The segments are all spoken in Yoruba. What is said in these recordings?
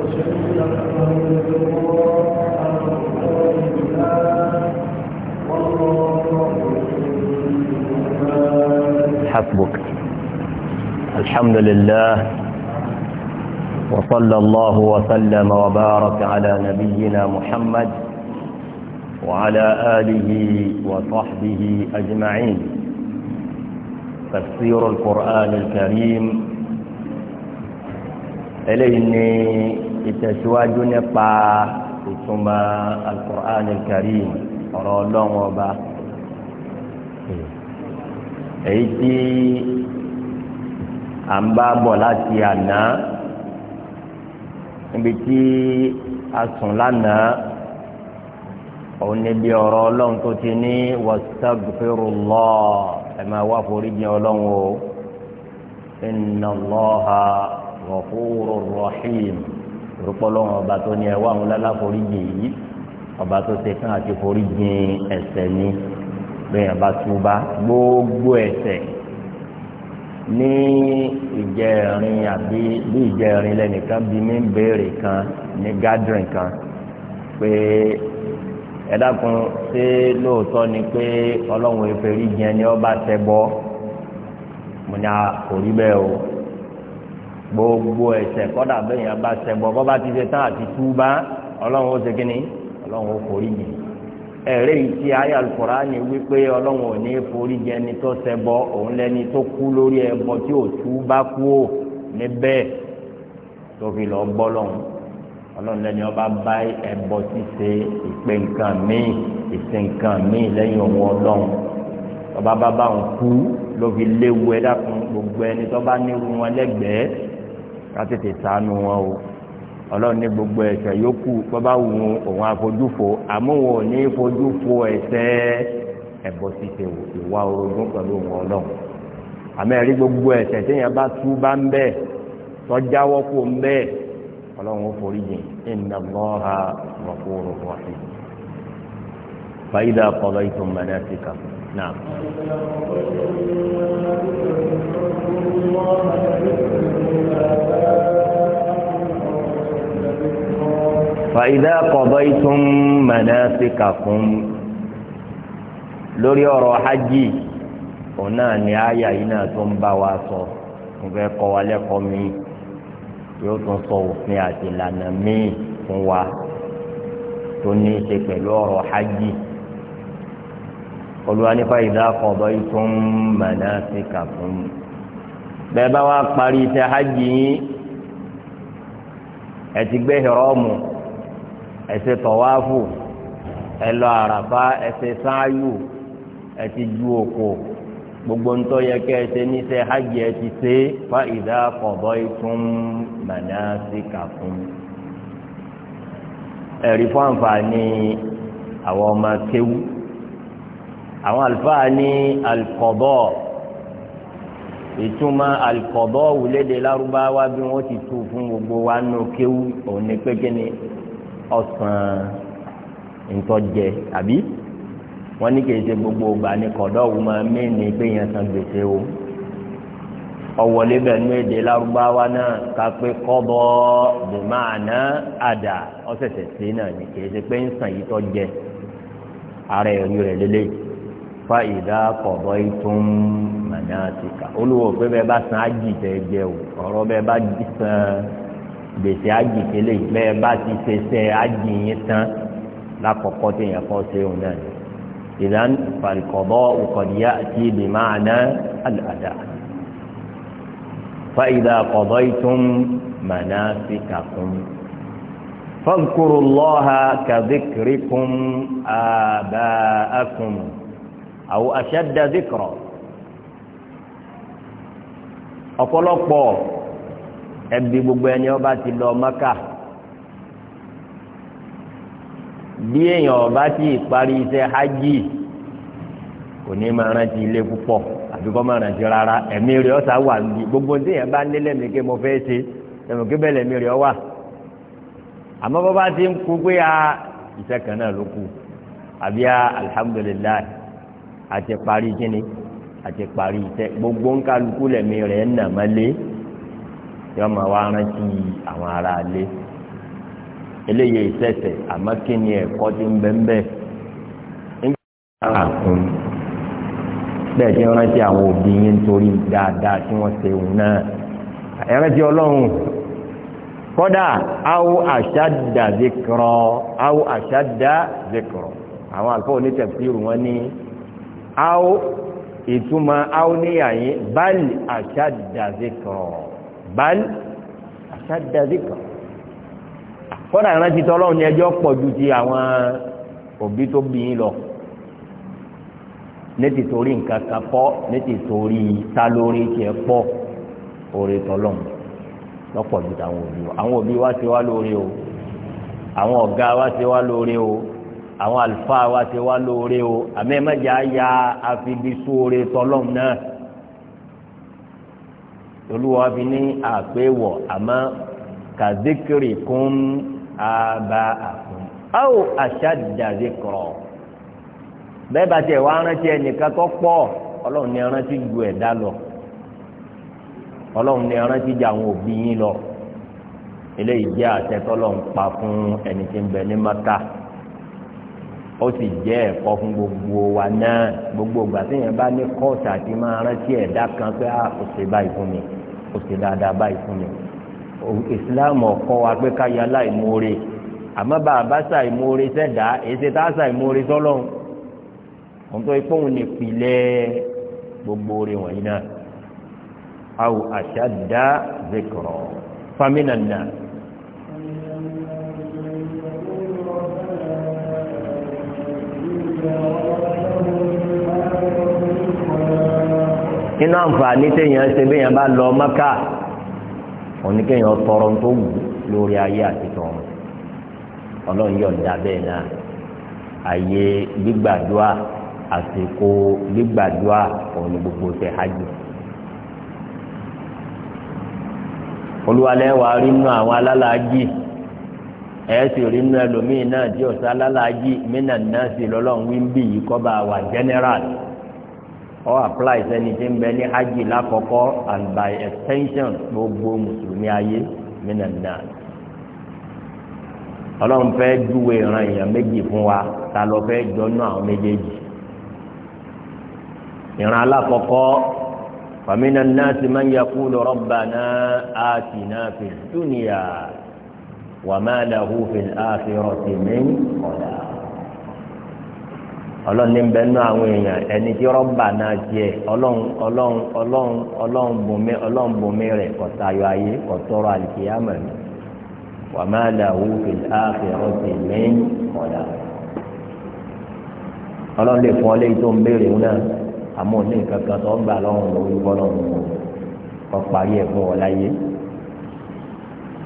حسبك الحمد لله وصلى الله وسلم وبارك على نبينا محمد وعلى آله وصحبه أجمعين تفسير القرآن الكريم إليني ìtẹ̀síwájú nípa ìtumọ̀ alukur'an karim ọ̀rọ̀ ọlọ́run ọba èyí tí à ń bá bọ̀ láti àná níbi tí a sùn lánàá òun ni bí ọ̀rọ̀ ọlọ́run tó ti ní wastaghfirullah ẹ̀ máa wá foríjì ọlọ́run o inna Allaha ghafurur rahim rúpọ́lọ́wọ́n ọba tó ní ẹwà àwọn lálàforíjì yìí ọba tó ṣe kán àti foríjì ẹ̀ṣẹ̀ ni bẹ́ẹ̀ bá túbá gbogbo ẹ̀ṣẹ̀ ní ìjẹrin àbí bí ìjẹrin lẹ́nìkan bí mi ń béèrè kan ní gathering kan pé ẹ dákun ṣé lóòótọ́ ni pé ọlọ́run ìfẹ́rí jẹun ni ọba tẹ bọ́ mo ní àkórí bẹ́ẹ̀ o gbogbo ẹ̀ṣẹ̀ kódà bẹ́ẹ̀ yẹn bá ṣẹbọ bọba ti ṣe tán àti túbá Ọlọ́run ó ṣe kínní Ọlọ́run ó forí jìn ẹrẹ yìí tí ayé Al-Kùránì wípé Ọlọ́run ò ní forí jìn ẹni tó ṣẹbọ òun lẹni tó kú lórí ẹbọ tí ò túbá kú ò níbẹ̀ tó fi lọ gbọ́ lọ́hùn Ọlọ́run lẹni ọba bá ẹbọ ṣíṣe ìpè nǹkan míì ìṣe nǹkan míì lẹ́yìn òun Ọlọ́run ọba bá bá òun kú ló fi léwu ẹ dákun gbogbo ẹni tó bá ní irun wọn ká tètè sànù wọn o ọlọ́run ní gbogbo ẹ̀ṣẹ̀ yòókù bọ́bá wù ú òun àfojúfo àmọ́ wọn ò ní fojúfo ẹ̀ṣẹ̀ ẹ̀bọ ṣíṣe ìwà orogún pẹ̀lú òun ọlọ́run àmọ́ ẹ̀rí gbogbo ẹ̀ṣẹ̀ téèyàn bá tú bá ń bẹ́ẹ̀ tọ́jáwọ́ kó ń bẹ́ẹ̀ ọlọ́run ó forí jìn inna Allaha ghafurur rahim. fa idha qadaytum manasikakum نعم فإذا قضيتم مناسككم lórí ọ̀rọ̀ hajj òun náà ni àyà yìí náà tó ń bá yóò tún sọ òfin àti ìlànà míì fún wa tó ní í ṣe pẹ̀lú ọ̀rọ̀ hajj olùwà nípa ìdákọ̀ọ́bọ̀ ìtún mànásíkà fún mi. bẹ́ẹ̀ bá wá parí iṣẹ́ hajj yín ẹ ti gbé hìrọ́ọ̀mù ẹ ṣe tọ̀wáfù ẹ lọ àràfá ẹ ṣe sáyù ẹ ti ju òkò gbogbo ntọ yẹ kẹ ẹ ṣe níṣẹ́ hajj ẹ ti ṣe fa ìdákọ̀ọ́bọ̀ ìtún mànásíkà fún mi. ẹ̀rí fún àǹfààní àwọn ọmọ kéwú àwọn àlùfáà ní alkọ̀bọ̀ ìtumọ̀ alkọ̀bọ̀ wùlédè lárúbáwá bí wọ́n ti tu fún gbogbo wa nù kéwú òun ní pé kíni ọ̀sán ntọ́jẹ àbí wọ́n ní kìí ṣe gbogbo ògbà ní kọ̀dọ̀ wù máa mí ní pé yẹn san gbèsè o ọ̀wọ́lé bẹ̀nu èdè lárúbáwá náà ká pé kọ́bọ̀ bùmáàná àdà ọ̀sẹ̀sẹ̀ sí náà ní kìí pé ń sàn yìí tọ́jẹ ara ẹ̀rí rẹ̀ lélẹ́yìí fàyídà kọ̀bọ̀ ìtún mànàtìkà olúwo pé bẹ́ẹ̀ bá san ájì jẹ o ọ̀rọ̀ bẹ́ẹ̀ bá san gbèsè ájì kélé bẹ́ẹ̀ bá ti ṣe sẹ́ ájì tán lákọ̀ọ́kọ́ tí yẹn kọ́ ṣe òun náà ìdán fàlìkọ̀bọ̀ òkọ̀díyà àti ìdìmọ̀ àná àdàdà fàyídà kọ̀bọ̀ ìtún mànàtìkà kún. فاذكروا الله كذكركم آباءكم aw ashadda dhikra ọ̀pọ̀lọpọ̀ ẹbí gbogbo ẹni ọba ti lọ Mẹ́kà bí èèyàn ọba ti parí iṣẹ́ hajj kò ní máa rántí ilé púpọ̀ àbí kọ́ máa rántí rárá ẹ̀mí rẹ̀ ọ̀sà wà níbi gbogbo ní èèyàn bá nílẹ̀ mi ké mo fẹ́ ṣe ẹ̀mí ké bẹ́ẹ̀ lẹ̀mí rẹ̀ ọ wà àmọ́ bọ́ bá ti ń kú pé a ah, iṣẹ́ náà ló kù àbí a ah, alhamdulilayi àti parí kíni àti parí iṣẹ́ gbogbo ńkálukú lẹ̀mí rẹ̀ ń nà má lé yọ máa wá rántí àwọn ará lé eléyìí ìṣẹ̀ṣẹ̀ àmọ́ kíni ẹ̀kọ́ ti ń bẹ́ẹ̀ bẹ́ẹ̀ nígbà àkùn bẹ́ẹ̀ tí rántí àwọn òbí yín torí dáadáa tí wọ́n ṣe òun náà ẹ̀rántí ọlọ́run kọ́dà áwò àṣàdà zikọ̀rọ̀ áwò àṣàdà zikọ̀rọ̀ àwọn àlùfáà onítẹ̀fíìrù wọn ní áó ìtumọ̀ áó níyàyí bal ashadda zikra bal ashadda zikra kọ́dà ìrántí tọ́lọ́run ní ẹjọ́ pọ̀ ju ti àwọn òbí tó bí yín lọ ní ti torí nǹkan kan pọ̀ ní ti torí ta lórí tiẹ̀ pọ̀ orí tọ́lọ́run lọ́pọ̀ ju tàwọn òbí wa àwọn òbí wa ti wá lórí o àwọn ọ̀gá wa ti wá lórí o àwọn àlùfáà wa ti wá lóore o àmì ẹ mẹjọ aya àfibisóore tọlọm náà olúwa fi ní àpéwọ àmọ́ kàdékèrè kún àbá àkùn áwò àṣàdàdé kọrọ bẹ́ẹ̀ bá tiẹ̀ wá rántí ẹnìkan tó pọ̀ Ọlọ́run ní rántí ju ẹ̀dá lọ Ọlọ́run ní rántí ju àwọn òbí yín lọ eléyìí jẹ́ àṣẹ tọlọ pa fún ẹni tí ń bẹ ní maka ó sì jẹ́ ẹ̀kọ́ fún gbogbo wa náà gbogbo ìgbà téèyàn bá ní kọ́ọ̀tù àti máa rántí ẹ̀dá kan pé a ah, ò ṣe báyìí fún mi ò ṣe dáadáa báyìí fún mi ìsìláàmù ọ̀kọ́ wa pé ká yọ aláìmoore àmọ́ bá a bá ṣàìmoore sẹ́dá èsì tá a ṣàìmoore sọ́lọ́run òun tó ipò òun lè pilẹ̀ gbogbo oore wọ̀nyí náà àwọn àṣà dá zikọ̀rọ̀ fámínà náà. nínú àǹfààní téèyàn ṣe béèyàn bá lọ Mẹ́kà òní kéèyàn tọrọ tó wù lórí ayé àti tọrọ ọlọ́run yọ̀ǹda bẹ́ẹ̀ náà ayé gbígbàdúrà àsìkò gbígbàdúrà òní gbogbo ṣe hajj. olúwalẹ̀ wàá rí nínú àwọn alálàájì. ẹ sì rí inú ẹlòmíì náà tí ọ̀sá lálàájì mínà náà sì lọ́lọ́run wí ń bì yìí kọ́ bá wà general ọ apply sẹ́ni tí ń bẹ ní hajj lákọ̀ọ́kọ́ and by extension gbogbo mùsùlùmí ayé mínà náà ọlọ́run fẹ́ júwe ìran èèyàn méjì fún wa ta ló fẹ́ jọ́nú àwọn méjèèjì ìran alákọ̀ọ́kọ́ fàmínà náà sì máa ń yẹ kú lọ́rọ́ bàná àtìnáfẹ́ dúnìyà. وما له في الآخرة من خلاق ọlọ́run ní bẹ́ẹ̀ náà àwọn èèyàn ẹni tí rọ́bà náà jẹ ọlọ́run ọlọ́run ọlọ́run ọlọ́run bùnmi ọlọ́run bùnmi rẹ̀ kọ̀tayọ ayé kọ̀tọ́rọ̀ àlìkìyàmọ̀ ni wà má làwù fi àfẹ́rọ́ ti mẹ́yìn kọ̀dà. ọlọ́run lè fún ọ léyìí tó ń béèrè wọn náà àmọ́ ní nǹkan tó ń gbà lọ́rùn lórí bọ́lọ́run kọ́ parí ẹ̀ fún ọ láyé.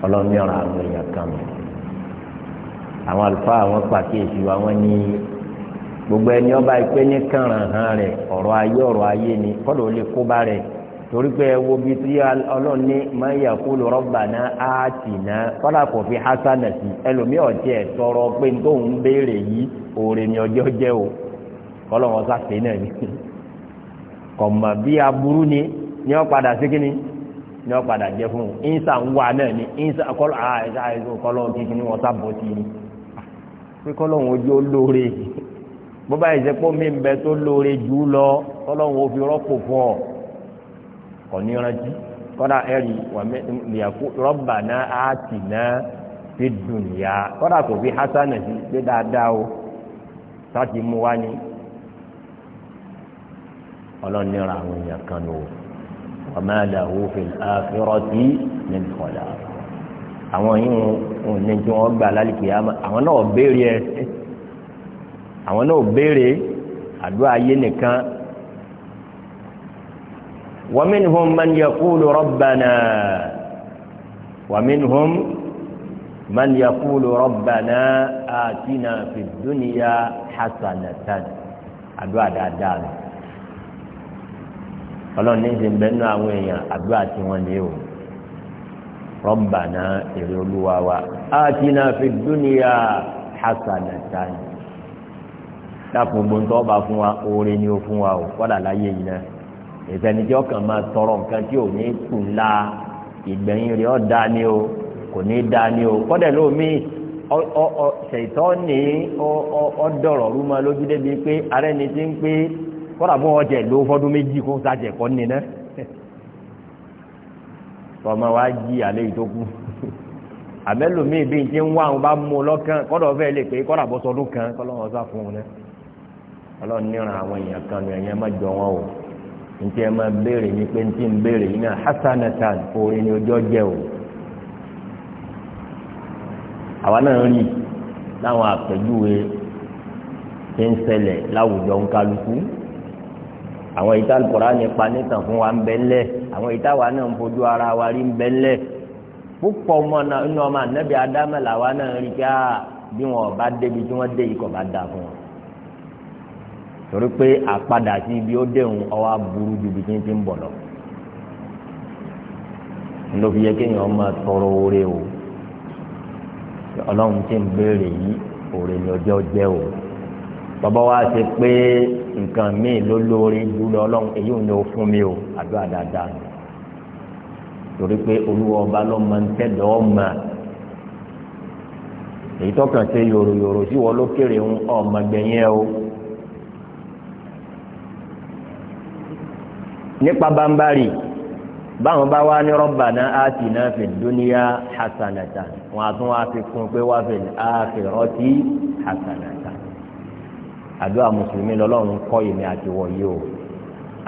ọlọ́nìyàrá àwọn èèyàn kan mi àwọn àlùfáà àwọn pàkíyèsí wa wọ́n ní gbogbo ẹni ọba ìpè ní kàràn hàn rẹ ọ̀rọ̀ ayé ayé ni kọ́dọ̀ lè kó bá rẹ torí pé ẹ wo tí ọlọ́run ní máa ń lọ rọ́bà náà á tì náà kò fi hásánà sí ẹlòmíì ẹ̀ tọrọ pé n béèrè yìí òòrè ni ọjọ́ jẹ́ o kọ́lọ́wọ́n náà ni kọ̀mọ̀ ní ọ̀padà jẹ́ fún un ń wà náà ni ìnsà kọ́lọ́ àìsàn kọ́lọ́ kíkì ni wọ́n sábọ̀ sí i pé kọ́lọ́ òun ojú ó lóore bọ́bá ìsẹ́pọ̀ mi ń bẹ tó lóore jù lọ kọ́lọ́ òun ò fi rọ́pò fún ọ kò ní rántí kọ́dà ẹ̀rì wàmẹ́yàkú rọ́bà náà á tì náà fi dùn yá kọ́dà kò fi hásánà sí pé dáadáa o sáà ti mú wá ní ọlọ́nira kan lò ó wa ma lahu fil akhirati min khalaq àwọn yìí ń ní tí wọ́n gbà lálùkì yá àwọn náà béèrè ẹ àwọn náà béèrè àdúrà ayé nìkan wa minhum man yaqulu rabbana wa minhum man yaqulu rabbana atina fid hasanatan àdúrà dáadáa nù. ọlọ́run ní ti ń bẹ nínú àwọn èèyàn àdúrà tí wọ́n ní o Rabbana èrè olúwa wa atina fid dunya hasanatan dákun gbóńtọ́ bá fún wa oore ni ó fún wa o kọ́dà láyé yìí náà ìfẹnijọ́ kan máa tọrọ nǹkan tí ò ní kù ńlá ìgbẹ̀yìn rẹ̀ dá o kò ní dá ní o kọ́dà lómi ṣètọ́ ní ọ̀dọ̀rọ̀ rúmọ lójú débi pé arẹ́ni ti ń kọ́ra bọ́ ọjẹ́ ló fọdún méjì kó sàjẹ́ kọ́ ní ná ọmọ wa jí alẹ́ yìí tó kú àmẹ́lòmíì bíi ti ń wá àwọn bá mú lọ́kàn kọ́dọ̀ fẹ́ lè pé kọ́ra bọ́ sọdún kan kọ́lọ́wọ́ sá fún un náà ọlọ́run níran àwọn èèyàn kan ní ẹ̀yìn ẹ̀má jọ wọn o ntí ẹ máa béèrè ní pé ntí ń béèrè yìí náà hasanatan orin ni ọjọ́ jẹ́ o àwa náà rí láwọn àpèjúwe tí ń ṣẹlẹ̀ láwùjọ ń kálukú àwọn ìta Al-Qur'ani nípa nìkan fún wa ń bẹ ńlẹ̀ àwọn ìta wa náà ń fojú ara wa rí ń bẹ ńlẹ̀ púpọ̀ ọmọ náà inú ọmọ ànábì Ádámù làwa náà rí ká ah, bí wọn bá débi tí wọn dé ikọ̀ bá da fún wọn torí pé àpadà sí ibi ó déhùn ọwọ́ aburú ju ibi tí ń ti ń bọ̀ lọ ló fi yẹ kéèyàn máa tọrọ oore o ọlọ́run ti ń béèrè yìí oore ni ọjọ́ jẹ́ o bàbá wa ṣe pé nǹkan míì ló lóore jùlọ ọlọ́run èyí ò ní o fún mi o àdúrà dáadáa torí pé olúwa ọba lọ́mọ ń tẹ̀dọ̀ ọmọ èyí tọkàn ṣe yòròyòrò sí wọn ló kéré ń ọmọ gbẹ̀yìn o. nípa bámbárì báwọn bá wá ní rabbana atina fid dunya hasanatan wọn àtún wá fi kún pé wá fil akhirati hasanatan àdúrà mùsùlùmí lọ́lọ́run kọ́ ìmí àti wọ̀nyí o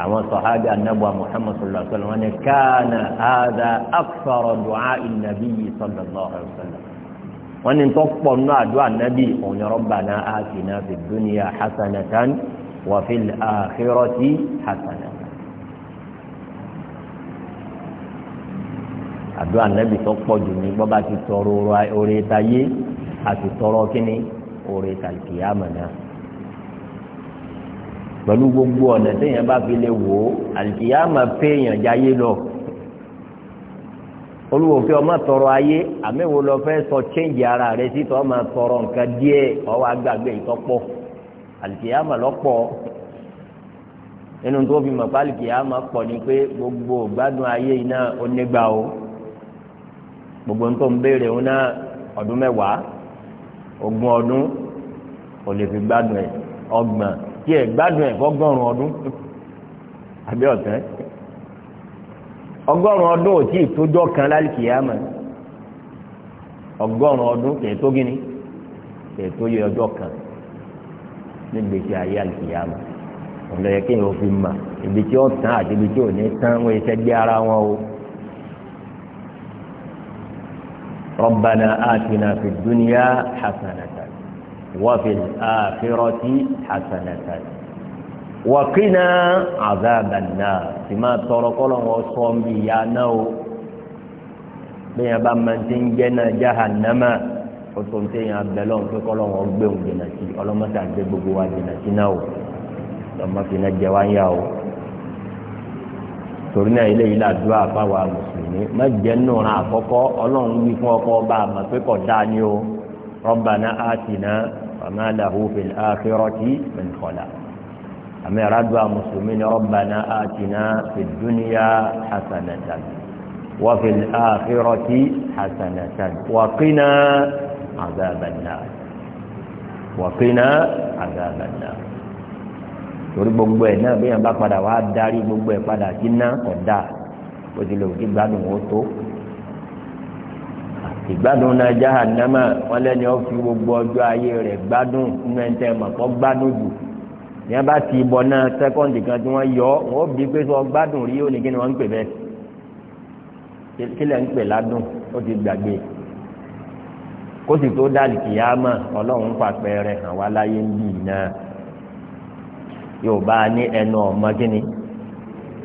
àwọn sọ̀hábì anábọ̀ muhammad sallallahu alaihi wa sallam wọn ni káàna àdá akthara du'a ìnàbí yìí sallallahu alaihi wa sallam wọn ni tó pọ̀ nù àdúrà nàbí òun rabbana atina fid dunya hasanatan wa fil akhirati hasanatan. àdúrà nàbì tó pọ̀ jù ní gbọ́dọ̀ ti tọrọ orí tayé àti tọrọ kíni orí tàlùkìyàmọ̀ náà pẹ̀lú gbogbo ọ̀nà téèyàn bá fi lè wò ó àlìkìyàmà péèyàn jáyé lọ olùwò pé ọmọ tọrọ ayé àmẹ́wò lọ fẹ́ sọ chéǹjì ara rẹ sí tọ́ ọmọ tọrọ nǹkan díẹ̀ ọwọ́ agbàgbé ìtọ́pọ̀ àlìkìyàmà lọ́pọ̀ nínú tó fi mọ̀ pé àlìkìyàmà pọ̀ ni pé gbogbo gbádùn ayé iná onígbà o gbogbo nǹkan béèrè òun náà ọdún mẹ́wàá ogún ọdún kò fi gbádùn ẹ̀ ọgbọ̀n ẹ gbádùn ẹ̀ fọ́gọ́rùn ọdún àbí ọgọrùn ọdún ò tí ì tójọ́ kan lálìkìyàmà ọgọ́rùn ọdún kẹ̀ tó gíní kẹ̀ tó yẹ ọjọ́ kan níbi tí ayé yẹ fi mà ibi tí ó tán àti وفي الآخرة حسنة وقنا عذاب النار فيما تركوا له وصوم بيانه bẹ́ẹ̀ bá máa ti ń jẹ́ náà jahannama ó tó ń tẹ̀yìn abẹ́lọ́n pé kọ́lọ́wọ́ gbé òun jìnnà sí ọlọ́mọta gbé gbogbo wa jìnnà sí náà o lọ́mọfinna jẹ́ wá ń yá o torí náà ilé yìí làdúrà fáwọn mùsùlùmí má jẹ́ nùrà àkọ́kọ́ ọlọ́run wí fún ọkọ̀ ọba àmọ́ pé kọ̀ dáa ni o rabbana atina. فما له في الآخرة من خلاق أما رب مسلمين ربنا آتنا في الدنيا حسنة وفي الآخرة حسنة وقنا عذاب النار وقنا عذاب النار torí gbogbo ẹ náà bí yẹn bá padà wá darí gbogbo ẹ padà sí ná ọ̀dà ó ti lè òkè gbádùn ó tó ìgbádùn náà jahannama wọn lẹ́ni ó fi gbogbo ọjọ́ ayé rẹ̀ gbádùn nínú ẹni tẹ́ mọ̀ kọ́ gbádùn jù ní a bá ti bọ̀ náà sẹ́kọ́ǹdì kan tí wọ́n yọ wọ́n bí pé sọ gbádùn rí ó ní kí ni wọ́n ń pè bẹ́ẹ̀ kílẹ̀ ń pè ládùn ó ti gbàgbé kó sì tó dàlì kìyàmà ọlọ́run pàpẹẹrẹ hàn wá láyé ń bì náà yóò bá a ní ẹnu ọmọ kíni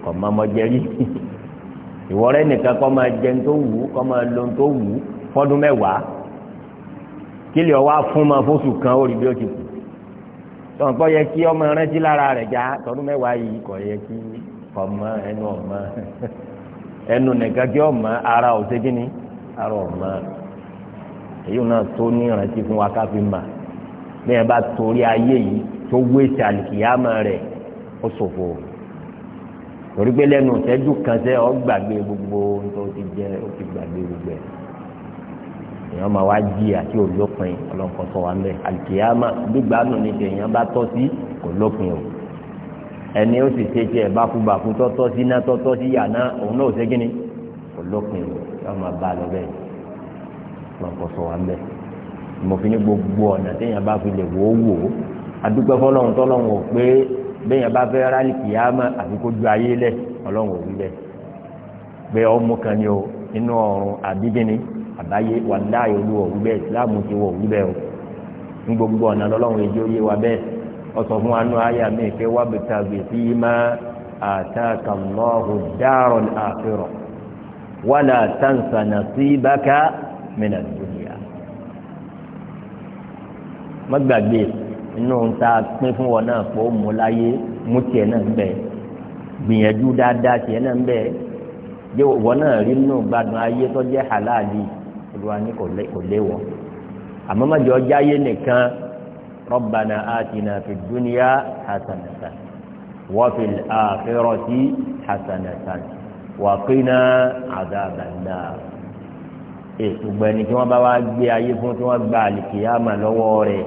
kò mọ ọmọ jẹ nìkan kọ́ máa jẹun tó wù ú kọ́ máa lo tó wù ú fọ́dún mẹ́wàá kí lè wá fún ma fóṣù kan ó rí bí ó ti kù tọ́n kọ́ yẹ kí ọmọ rántí lára rẹ̀ já tọ́dún mẹ́wàá yìí kọ́ yẹ kí ọmọ ẹnu ẹnu nìkan kí ọmọ ara ò ṣe ara ọmọ èyí náà tó ní ìrántí fún wa ká fi mà bí ẹ bá torí ayé yìí tó wéṣẹ àlìkìyàmọ kan ọ gbogbo tó ti ó gbogbo èèyàn máa wá jìyà tí ò lópin ọlọ́nkọ́ sọ wa mẹ́ àlùkìyàmà gbígbà nù ní ti èèyàn bá tọ́ sí kò lópin o ẹni ó sì ṣe tiẹ̀ bákúbàkú tọ́tọ́ sí iná tọ́tọ́ sí yà náà òun náà ò ṣe gíní kò lópin o yóò máa bá a lọ bẹ́ẹ̀ ọlọ́nkọ́ sọ wa mẹ́ ìmọ̀fin ní gbogbo ọ̀nà téèyàn bá fi lè wò ó wò ó adúpẹ́ fọlọ́run tọ́lọ́run ò pé béèyàn bá fẹ́ rálì kìyàmà àfi ayé lẹ̀ ọlọ́run ò wí bẹ́ẹ̀ ọmọ kan ni o inú ọ̀run àbí àbáyé wàláyé olúwa òwú bẹ́ẹ̀ ìsìláàmù ti wọ òwú bẹ́ẹ̀ o ní gbogbo ọ̀nà lọ́lọ́run èjì oyé wa bẹ́ẹ̀ ọ̀sọ̀ fún wa nù àyà mi pé wà bìtà bìtì yìí má àtàkà lọ́hùn dárọ̀ àfẹ́rọ̀ wàlà tàǹsà nà sí bákà mìíràn dúnìyà. má gbàgbé inú ta pín fún wọn náà pọ̀ mú láyé mú tiẹ̀ náà bẹ̀ gbìyànjú dáadáa tiẹ̀ náà bẹ̀ wọn náà rí nù gbádùn ayé tó jẹ́ halali yìí olúwa ní kò léwọ àmọ́ mọ́jọ jáyé nìkan rabbana atina fid dunya hasanatan wa fil akhirati hasanatan wa qina adhaban nar ètùgbọ́ ẹni tí wọ́n bá wá gbé ayé fún tí wọ́n gba àlìkìyàmà lọ́wọ́ rẹ̀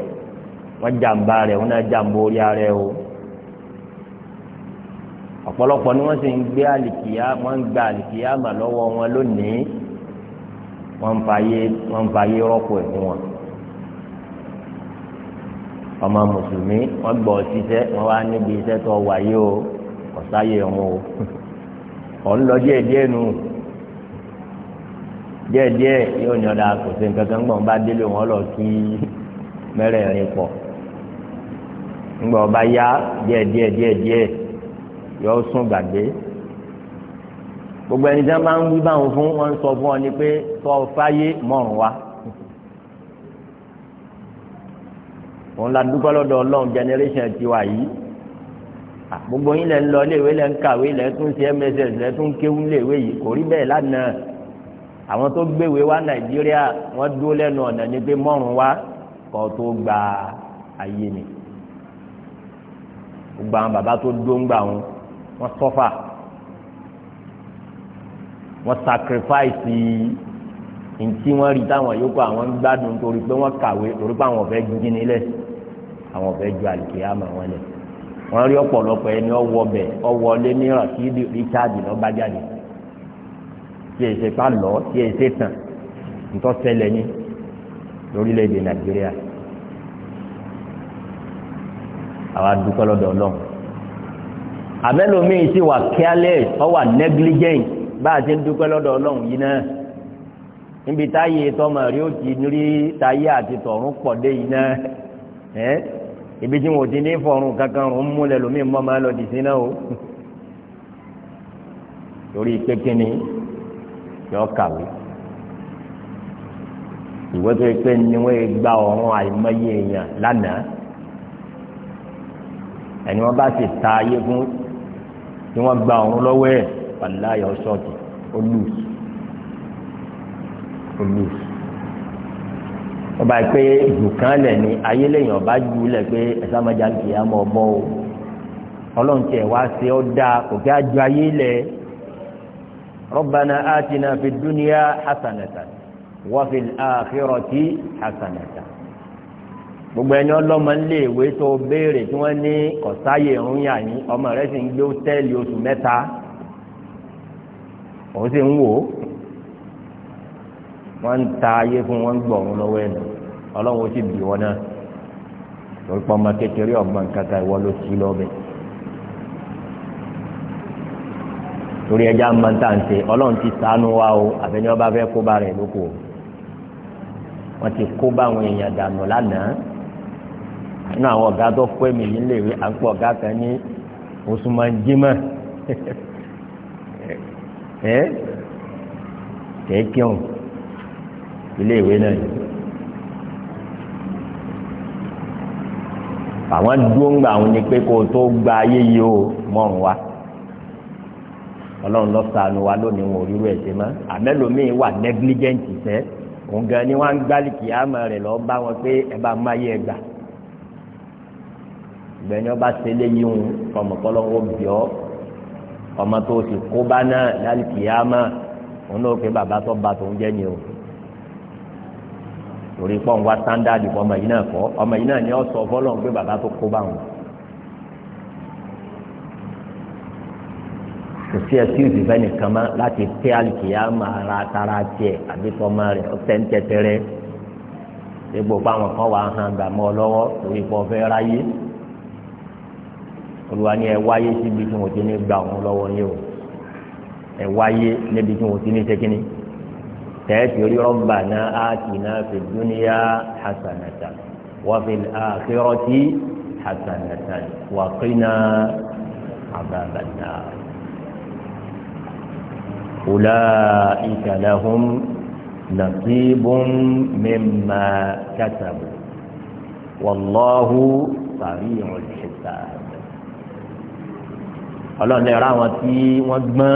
wọ́n jàǹbá rẹ̀ wọ́n náà jàǹbó orí ara o ọ̀pọ̀lọpọ̀ ni wọ́n sì ń gbé àlìkìyàmà lọ́wọ́ wọn lónìí wọ́n ń fa yé wọ́n ń fa yé rọ́pò ẹ̀ fún wọn. ọmọ mùsùlùmí wọ́n gbọ́ ṣiṣẹ́ wọ́n wá níbi iṣẹ́ tó wà yé o ọ̀sáyé wọn o ọ̀ ń lọ díẹ̀ díẹ̀ nù díẹ̀ díẹ̀ yóò ní ọ̀dà kò sí nǹkan kan gbọ̀n bá délé wọn lọ kí mẹ́rẹ̀ẹ̀rin pọ̀ ńgbọ̀n bá yá díẹ̀ díẹ̀ díẹ̀ díẹ̀ yọ sún gbàgbé gbogbo ẹni tí wọn máa ń wí báwọn fún wọn sọ fún ọ ni pé sọ fáyé mọrùn wa òun la dúpẹ́ lọ́dọ̀ ọlọ́run generation tiwa yìí gbogbo yín lẹ ń lọ iléèwé lẹ ń kàwé lẹ tún ṣe mss lẹ tún kéwú iléèwé yìí kò rí bẹ́ẹ̀ lánàá àwọn tó gbéwé wá nàìjíríà wọn dúró lẹ́nu ọ̀nà ni pé mọrùn wa kò tó gba ayé ni gbogbo àwọn bàbá tó dúró ń gbà wọn wọn sọfà wọ́n sacrifice ntí wọ́n rí táwọn yòókù àwọn gbádùn torí pé wọ́n kàwé torí pé àwọn ọ̀fẹ́ jí nílẹ̀ àwọn ọ̀fẹ́ ju àlìkìyàmọ̀ wọn lẹ̀ wọ́n rí ọ̀pọ̀lọpọ̀ ẹni ọwọ́ bẹ̀ ọwọ́ lé ní rasidi richard lọ́ba jáde tí èyí ṣe pa lọ tí èyí ṣe tàn ntọ́sẹ̀lẹ̀ ní lórílẹ̀‐èdè nàìjíríà àwa dúpẹ́ lọ́dọ̀ ọlọ́run àmẹ́lòmíì sì wà careless ọ wà negligent bá a ti ń dúpẹ́ lọ́dọ̀ ọlọ́run yìí náà níbi táyé tọmọ rí ó ti rí táyé àti tọ̀run pọ̀ dé yìí náà ẹ́ ibi tí wọn ò ti ní fọrùn kankan rún múlẹ̀ lómi mọ́ máa lọ dì sí náà o torí pé yọ kàwé ìwé tó yẹ pé ni gba ọ̀run àìmọye èèyàn lánàá ẹni wọ́n bá sì ta ayé fún tí wọ́n gba ọ̀run lọ́wọ́ ẹ̀ wàláyà ọ̀ṣọ́ọ̀tì ó lùs ó lùs ọba pé dùkán lẹ̀ ní ayé lẹ́yìn ọba jù lẹ̀ pé ẹ̀sán mẹ́jà kì í àmọ́ ọbọ̀ o ọlọ́run tiẹ̀ wá sí ọ́ dáa kò kí á ju ayé lẹ̀ rọ́bànà àtinà fi dúníà hasanata wọ́n àfihàn hasanata gbogbo ẹni ọlọ́mọ nílé ìwé tó béèrè tí wọ́n ní kọ̀sáyè ń yàn yín ọmọ rẹ sì ń gbé hótẹ́ẹ̀lì oṣù mẹ́ta òun sì ń wò ó wọ́n ń ta ayé fún wọn gbọ̀ ọ́n lọ́wọ́ ẹ̀ nù ọlọ́run ó sì bì náà lórí pọ́ ọmọ kékeré ọgbọ́n kankan ìwọ ló sí lọ́bẹ̀. torí ẹja ń tà ń ọlọ́run ti ṣàánú wa o fẹ́ kó bá lóko ti kó bá àwọn èèyàn dànù lánàá nínú àwọn ọ̀gá tó yìí ẹ kẹ̀kẹ́hùn ilé ìwé náà ni àwọn dúngbà àwọn ni pé kó o tó gba ayé yìí o mọ̀rùn wa ọlọ́run lọ sànù wa lónìí wọn ò rí rẹ̀ ṣe mọ́ àmẹ́lòmíì wà negligent sẹ́ òun gan ni wọ́n ń gbálìkì àmọ́ rẹ̀ lọ́ọ́ bá wọn pé ẹ bá má yé ẹ gbà ìgbẹ́ni ọba ṣe léyìí òun ọmọkọ́lọ́wọ́ bíọ́ ọmọ tó sì kó bá náà lálùkì yá mọ́ òun náà pé bàbá tó ba tòun jẹ́ ni o torí pọ́n wá sáńdáàdì fún ọmọ yìí náà kọ́ ọmọ yìí náà ni ọ sọ fọlọ́n pé bàbá tó kó bá wọn. kò sí ẹtí ìdìbẹ́ nìkan mọ́ láti tẹ́ àlùkìyà máa ra tara tiẹ̀ àbí fọmọ rẹ̀ ọ̀sẹ̀ ń tẹ́tẹ́rẹ́ egbò pa àwọn kan wà hàn gbàmọ́ lọ́wọ́ torí pọ́ fẹ́ ráyé olùwà ni ẹ wáyé síbi tí wọn ti ní gba òun lọ́wọ́ yìí o ẹ wáyé níbi tí wọn ti ní sẹ́kínì tẹ́ẹ̀tì orí rọ́bà náà á tì náà fi dúníyà hasanata wà fi àkérọ́tì hasanata wà qina àbàbàdà. أولئك لهم نصيب مما كسبوا والله سريع الحساب ọlọ́run ẹ̀rọ àwọn tí wọ́n gbọ́n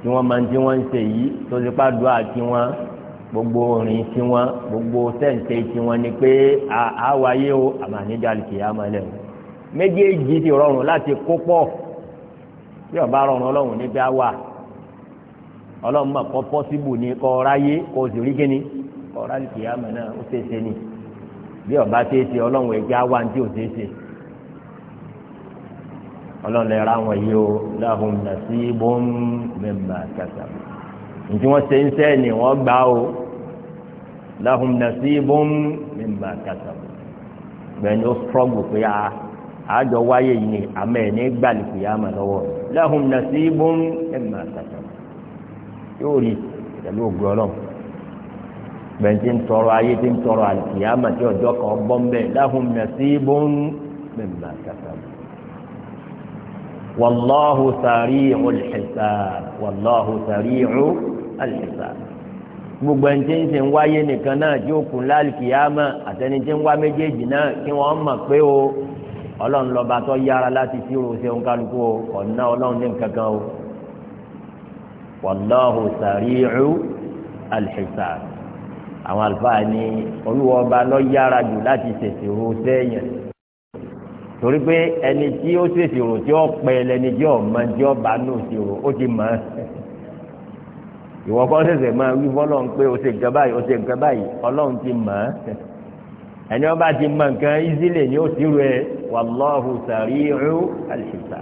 tí wọ́n máa ń tí wọ́n ń ṣe yìí tó ti pa dùn àti wọn gbogbo orin tí wọn gbogbo sẹ́ǹtẹ̀ tí wọn ni pé àwáyé o àmà níjà lùkì àmà lẹ̀ o méjèèjì ti rọrùn láti kó pọ̀ tí ọba rọrùn ọlọ́run níbi àwà ọlọ́run mọ̀ kọ́ pọ́síbù ni kọ́ ráyé kọ́ sì rí kíni kọ́ rálùkì àmà náà ó ṣeéṣe ni bí ọba ṣeéṣe ọlọ́run ẹ̀jẹ̀ àwà ní tí ò ṣeéṣe ọlọ́lẹ̀ ra wọn yìí o lahum nasibum mimma kasabu nti wọ́n ṣe ń sẹ́ ni wọ́n gbà o lahum nasibum mimma kasabu bẹ́ẹ̀ ni ó strọ́gù pé a àjọ wáyé yìí ni àmọ́ ẹ̀ ní gbàlùkù yà má lọ́wọ́ lahum nasibum mimma kasabu yóò rí pẹ̀lú ògùn ọlọ́run bẹ́ẹ̀ ń tọrọ ayé ti ń tọrọ àlùkù yà má tí ọjọ́ kan والله سريع الحساب والله سريع الحساب al-hisab gbogbo ẹni tí ń sìn wáyé nìkan náà tí ó kún lálùkìyàmà àtẹni tí ń wá méjèèjì náà kí wọ́n mọ̀ pé o ọlọ́run lọ́ba tó yára láti ṣírò ṣeun kálukú o ọ̀nà ọlọ́run ní nǹkankan o wàlláhu sàrí'u al àwọn àlùfáà ni olúwọ́ba lọ́ yára jù láti ṣèṣirò sẹ́yìn torí pé ẹni tí ó ṣèṣì rò tí ó pẹ́ lẹni tí ó mọ tí ó bá nù sí rò ó ti mọ̀ ọ́ ìwọ kọ́ ṣẹ̀ṣẹ̀ máa wí fọ́lọ́run pé o ṣe nǹkan báyìí o ṣe nǹkan báyìí ọlọ́run ti mọ̀ ẹni ọba ti mọ nǹkan ìzílẹ̀ ni ó sì rẹ̀ wàlọ́hù sàríhù àlìṣìṣà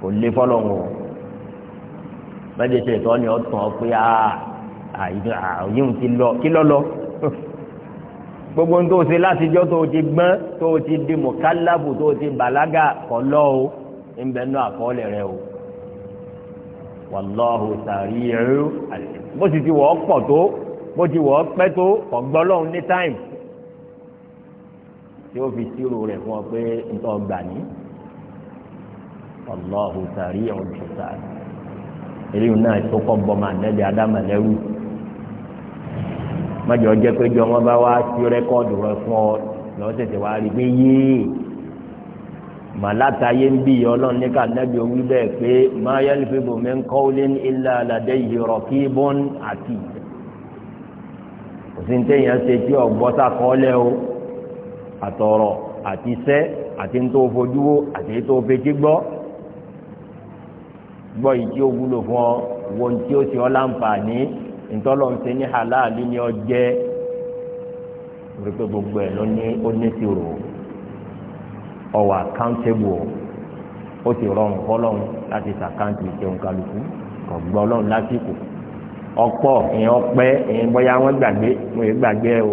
kò lé fọ́lọ́run o mẹ́jẹ̀ ṣe ìtọ́ ni ọ̀tàn ọ pé àà ah, àyè àyè ń ti lọ kí lọ́lọ́ gbogbo ń tó ṣe látijọ́ tó ti gbọ́n tó ti di mọ̀kálábù tó ti bàlágà kọ́lọ́ o ń bẹ nú àkọọ́lẹ̀ rẹ o wàlọ́hù sàríyẹ̀rú bó sì ti wọ́ pọ̀ tó bó ti wọ́ pẹ́ tó ọ̀gbọ́n lọ́hùn ní táìmù tí ó fi sírò rẹ̀ fún ọ pé nǹkan ọgbà ní wàlọ́hù sàríyẹ̀rú sàríyẹ̀rú eléyìí náà tó kọ́ bọ́mọ ànẹ́bí adámọ̀lẹ́rù mọ̀jọ jẹ́ pé jọ wọn bá wá sí rẹ́kọ́ọ̀dù rẹ fún ọ lọ́wọ́ tètè wá rí pé yéé màláta yé ń bí ọlọ́run ní ká nẹ́bí owó bẹ́ẹ̀ pé ma yalfizu min qawlin illa ladayhi raqibun atid kò sí ní téèyàn ṣe tí ọ̀gbọ́n sàkọọ́lẹ̀ o àtọ̀rọ̀ àti iṣẹ́ àti ní tó fojú àti tó fetí gbọ́ gbọ́ yìí tí ó wúlò fún ọ wo tí ó ṣe ọ́ láǹfààní ntọ́lọ̀ ń ṣe ní halali ni ọjẹ́ orí pé gbogbo ẹ̀ ló ní ó ní ti rò ọwọ́ àkáǹtébù o ó sì rọrùn fọlọ́run láti sàkáǹtì ìṣeun kálukú kò gbọ́ lásìkò ọ̀pọ̀ èèyàn ọpẹ́ èèyàn bóyá wọ́n gbàgbé wọ́n yé gbàgbé o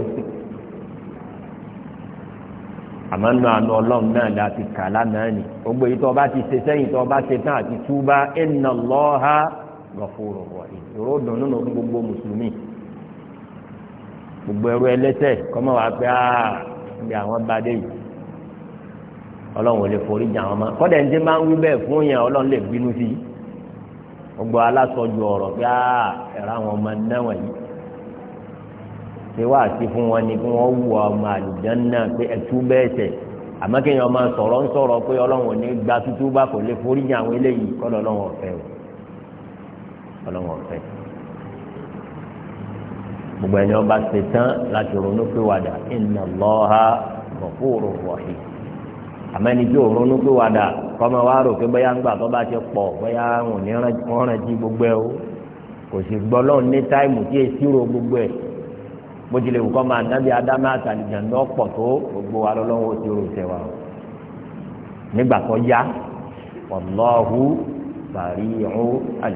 àmọ́ nù àánú ọlọ́run náà la ti kà lánàá nì gbogbo èyí tó o bá ti ṣe sẹ́yìn tó o bá ṣe tán àti túbá innallaha ghafurur rahim ìró dùnú nù fún gbogbo mùsùlùmí gbogbo ẹrú ẹlẹ́ṣẹ̀ kọ́mọ wàá pé áá ibi àwọn bá dé yìí ọlọ́run ò lè forí jà wọn mọ́ kọ́dẹ̀ ní ti máa ń wí bẹ́ẹ̀ fún yẹn ọlọ́run lè bínú sí i gbogbo alásọjù ọ̀rọ̀ pé áá ẹ̀rọ àwọn ọmọ náwọ̀ yìí ṣé wàá sí fún wọn ni kí wọ́n wù ọmọ àlùjánnà pé ẹ̀tú bẹ́ẹ̀ tẹ̀ àmọ́ kéèyàn máa sọ̀rọ̀ ń sọ̀rọ̀ pé ọlọ́run ò ní gba tútú bá kò lè forí jà àwọn eléyìí kọ́ ọlọ́wọ́n ọ̀fẹ́ gbogbo ẹni ọba ṣe tán láti ronú pé wàdà inna Allaha ghafurur rahim àmẹ́ni tí ò ronú pé wàdà kọ́mọ wa rò pé bóyá ńgbà tó bá ti pọ̀ bóyá wọn ní rántí gbogbo ẹ o kò sì gbọ́ lọ́n ní táìmù tí èsì ro gbogbo ẹ bó tilẹ̀ wù kọ́ máa nábì ádámù àtàlìjà pọ̀ tó gbogbo wa lọ́wọ́ ti rò tẹ̀ wá o nígbà tó yá wallahu bari'u al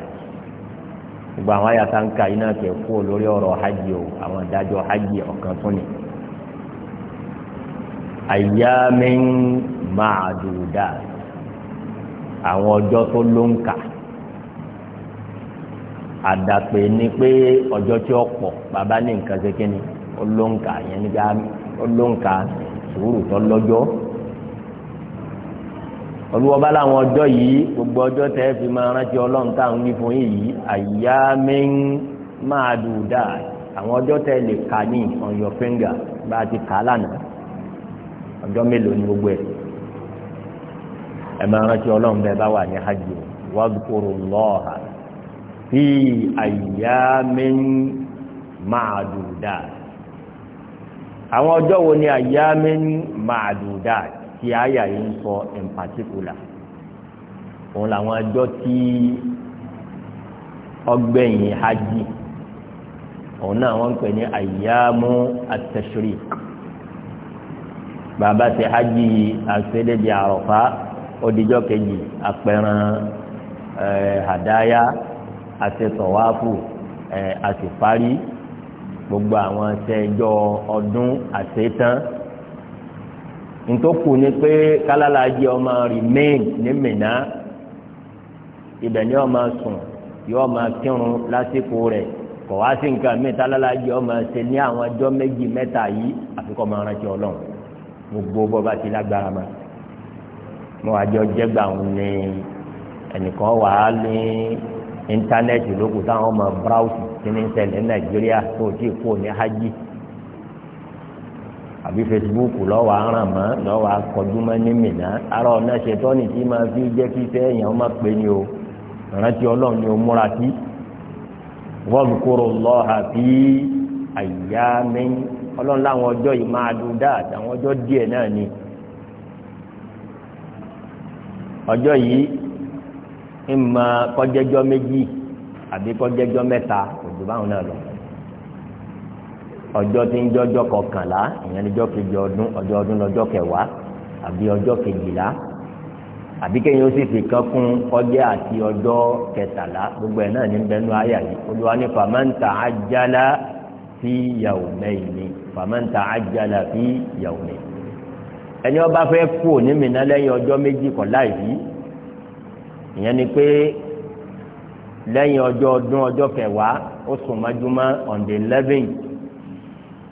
gbogbo àwọn àyàtà ń ka iná kẹ kú lórí ọ̀rọ̀ hajj o àwọn ìdájọ́ hajj ọ̀kan fún ni. ayyamin ma'dudat àwọn ọjọ́ tó ló ń kà àdàpè ni pé ọjọ́ tí ó pọ̀ bàbá ní nǹkan ṣe kí ni ó ló ń kà yẹn nígbà ó ló ń kà sùúrù tó lọ́jọ́ olùwọ́ba làwọn ọjọ́ yìí gbogbo ọjọ́ tẹ́ fi máa rántí ọlọ́run táwọn wí fún yìí àyà mẹ́rin máa dùn dáa àwọn ọjọ́ tẹ́ lè kà ní on your finger bá a ti kà á lánàá ọjọ́ mélòó ni gbogbo ẹ̀ ẹ máa rántí ọlọ́run bẹ́ẹ̀ bá wà ní hajj wadhkurullaha fi ayyamin ma'dudat àwọn ọjọ́ wo ni ayyamin ma'dudat tí àyà yìí ń sọ in particular òun làwọn ọjọ́ tí ọgbẹ̀yìn hajj òun náà wọ́n ń pè ní ayyamu at-tashriq bàbá ṣe hajj àṣẹdẹ́dì àròfá odijọ́ kejì apẹ̀ràn hadaya àṣetọ̀wáfù àṣeparí gbogbo àwọn ṣẹjọ́ ọdún àṣetán ntòkù ni pé kálálàájì ọmọ remain ní Mínà ibẹ̀ ni ọmọ sùn yóò máa kírun lásìkò rẹ̀ kọ̀ wá sí nǹkan mi kálálàájì ọmọ ṣe ní àwọn ọjọ́ méjì mẹ́ta yìí àfikọ́ máa rántí ọlọ́run gbogbo bọ́ba ti lágbára ma mo àjọ jẹ́gbà ń ní ẹnìkan wà á ní íńtánẹ́ẹ̀tì lókùtà àwọn ọmọ bráùsì tí ní ṣẹlẹ̀ Nàìjíríà tó ti kú ní hajj àbí Facebook lọ́wọ́ aràn mọ́ lọ́wọ́ akọjúmọ́ ní mìíràn ara ọ̀nà ṣètọ́ni tí máa fi jẹ́ kí sẹ́yìn ọmọ pé ni o rántí ọlọ́run ni o múra sí wọ́n kúrò lọ́ha fi àyà mẹ́yìn ọlọ́run láwọn ọjọ́ yìí máa dùn dáa àtàwọn ọjọ́ díẹ̀ náà ni ọjọ́ yìí ń ma kọjẹ́jọ́ méjì àbí kọjẹ́jọ́ mẹ́ta òjò báwọn náà lọ ọjọ́ tí ń jọ́jọ́ kọkànlá ìyẹn níjọ́ kejì ọdún ọjọ́ ọdún lọ́jọ́ kẹwàá àbí ọjọ́ kejìlá àbí kéèyàn ó sì fi kan kún ọjọ́ àti ọjọ́ kẹtàlá gbogbo ẹ̀ náà ní bẹnu àyà yìí olúwa ní fàmáǹtà ajálá fi yawmayni fàmáǹtà ajálá fi yawmayni ẹni ọba fẹ́ kú òní mìíràn lẹ́yìn ọjọ́ méjì kọ̀ láì yìí ìyẹn ni pé lẹ́yìn ọjọ́ ọdún ọjọ́ kẹwàá ó sùn mọ́júmọ́ on the eleventh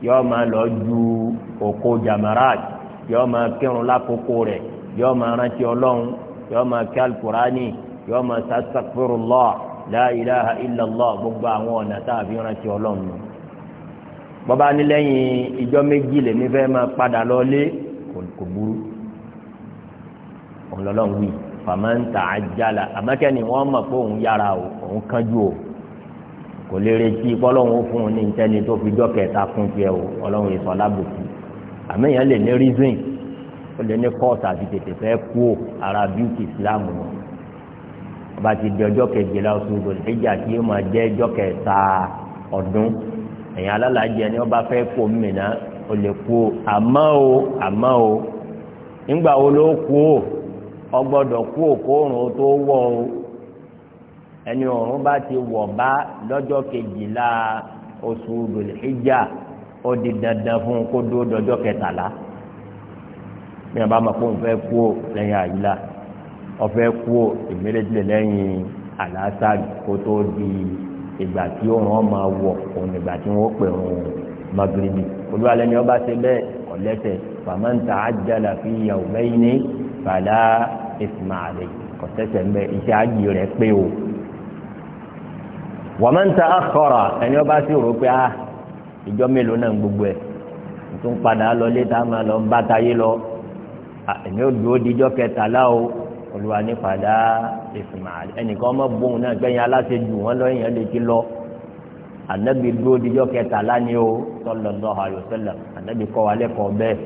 yọọ máa lọ ju òkò jamarat yọọ máa kírun lákòókò rẹ yọọ máa rántí Ọlọ́run yọọ máa kí alukurani yọọ máa sasakfirullah la ilaha illallah gbogbo àwọn ọ̀nà tá a fi rántí Ọlọ́run nù bọ́bá ní lẹ́yìn ìjọ méjì lèmi fẹ́ máa padà lọ kò burú òun lọ́lọ́run wí fàmáǹtà àjálà àmọ́kẹ́ni wọ́n mọ̀ pé òun yára òun kánjú o kò lè retí kọ́lọ́hún fún un ní ìtẹ́ni tó fi dọ́kẹ̀ta fún tiẹ̀ o ọlọ́run ìsọ̀ lábùkù àmẹ́yàn lè ní reason ó lè ní court àti tètè fẹ́ kú o ara bíútì islam o ọba ti di ọjọ́ kejìlá oṣù gbòlìfẹ́jà tí yóò máa jẹ́ ọjọ́ kẹta ọdún ẹ̀yìn alálàájẹ ni ọba fẹ́ kú mìíràn ó lè kú o àmọ́ o àmọ́ o nígbà wo ló kú o ọgbọ́dọ̀ kú o kóòrùn o tó wọ̀ o ẹni ọ̀run bá ti wọ̀ bá lọ́jọ́ kejìlá oṣù Dhul-Hijjah ó di dandan fún kó dó dọjọ́ kẹtàlá bí wọn bá máa kó ń fẹ́ kú lẹ́yìn àyílá ọ̀fẹ́ kú ìmẹ́lẹ́dìlẹ̀ lẹ́yìn àlàáṣá kó tó di ìgbà tí òun ọmọ wọ̀ òun ìgbà tí wọ́n pè òun magrebi olúwalẹ̀ ni ọba ṣe bẹ́ẹ̀ ọ̀lẹ́sẹ̀ faman ta'ajjala fi yawmayni fala ithma alayhi kọ̀tẹ́sẹ̀ ń bẹ iṣẹ́ àjì rẹ̀ pé o wọ́n máa ń ta akọ̀rọ̀ ẹni ọba sì rò pé ah ìjọ mélòó náà gbogbo ẹ̀ tó ń padà lọ létà máa lọ bá tayé lọ èmi ò dúró díjọ́ kẹtàlá o olùwà ní padà ìsìnmáàlì ẹnìkan ọmọ bóun náà gbẹ̀yìn aláṣẹ jù wọ́n lọ́yìn ẹ̀ lè ti lọ anabi dúró díjọ́ kẹtàlá ni o sallallahu alaihi wasallam anabi kọ́ wa lẹ́kọ̀ọ́ bẹ́ẹ̀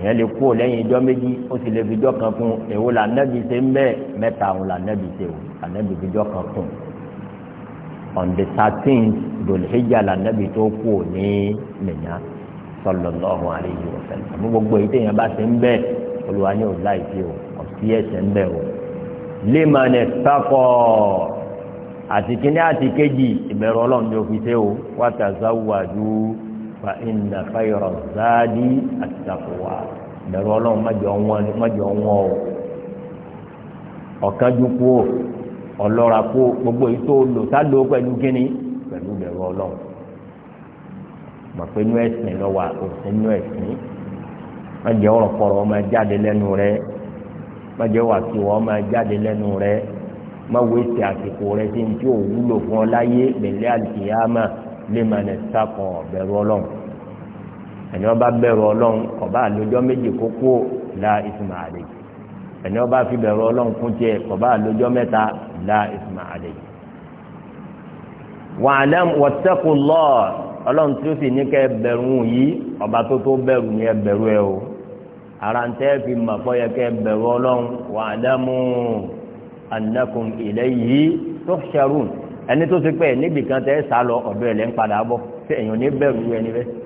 èyàn lè kú lẹ́yìn ìjọ méjì ó sì lè fi jọ́ kan kún èwo la anabi ṣe ń bẹ́ẹ̀ mẹ́ta òun la ṣe o anabi fi jọ́ kan kún on the thirteenth dòlìhíjà lànàbì tó kú ní Mínà sallallahu alayhi wa sallam àmọ́ gbogbo èyí téèyàn bá ṣe ń bẹ olùwà ní òòlà ìdí o ọ̀sí ẹ̀ṣẹ̀ ń bẹ o lémanẹ̀ sákọ̀ àti kíní àti ìbẹ̀rù ọlọ́run ló fi ṣe o watazawwadu fa inna khayra zadi at-taqwa ìbẹ̀rù ọlọ́run mọ́jọ wọn o ọ̀kanjú kú o ọlọ́ra kó gbogbo yìí tó lò tá lò pẹ̀lú gíní pẹ̀lú bẹ̀rù ọlọ́run mọ̀ pé inú ẹ̀sìn lọ́wọ́ òsín inú ẹ̀sìn má jẹ́ ọ̀rọ̀ kọ̀rọ̀ ọmọ jáde lẹ́nu rẹ má jẹ́ wà sí wọ́n ọmọ jáde lẹ́nu rẹ má wéṣẹ̀ àsìkò rẹ sí ní tí ò wúlò fún ọ láyé lẹ́lẹ́ àlùkìyàmà lè má nẹ̀ sákọ̀ bẹ̀rù ọlọ́run ẹni wọn bá bẹ̀rù ọlọ́run kọ̀ọ̀bá àlójọ́ méjì kókó la ìsúnmọ́ àlejò ẹni ọba fi bẹ̀rù ọlọ́run kún tiẹ̀ kọba àlójọ́ mẹ́ta la isma alayhi wa'lam wattaqullah ọlọ́run tí ó sì ní kẹ́ bẹ̀rù yìí ọba tó tó bẹ̀rù ni ẹ bẹ̀rù ẹ o ara ń tẹ́ fi mọ̀ fọ́ yẹ kẹ́ bẹ̀rù ọlọ́run wa'lamu annakum ilayhi tuhsharun ẹni tó ti pẹ́ níbìkan tẹ́ sálọ ọ̀dọ̀ ẹ̀ lẹ́ ń padà bọ̀ tí èèyàn ní bẹ̀rù ẹni bẹ́ẹ̀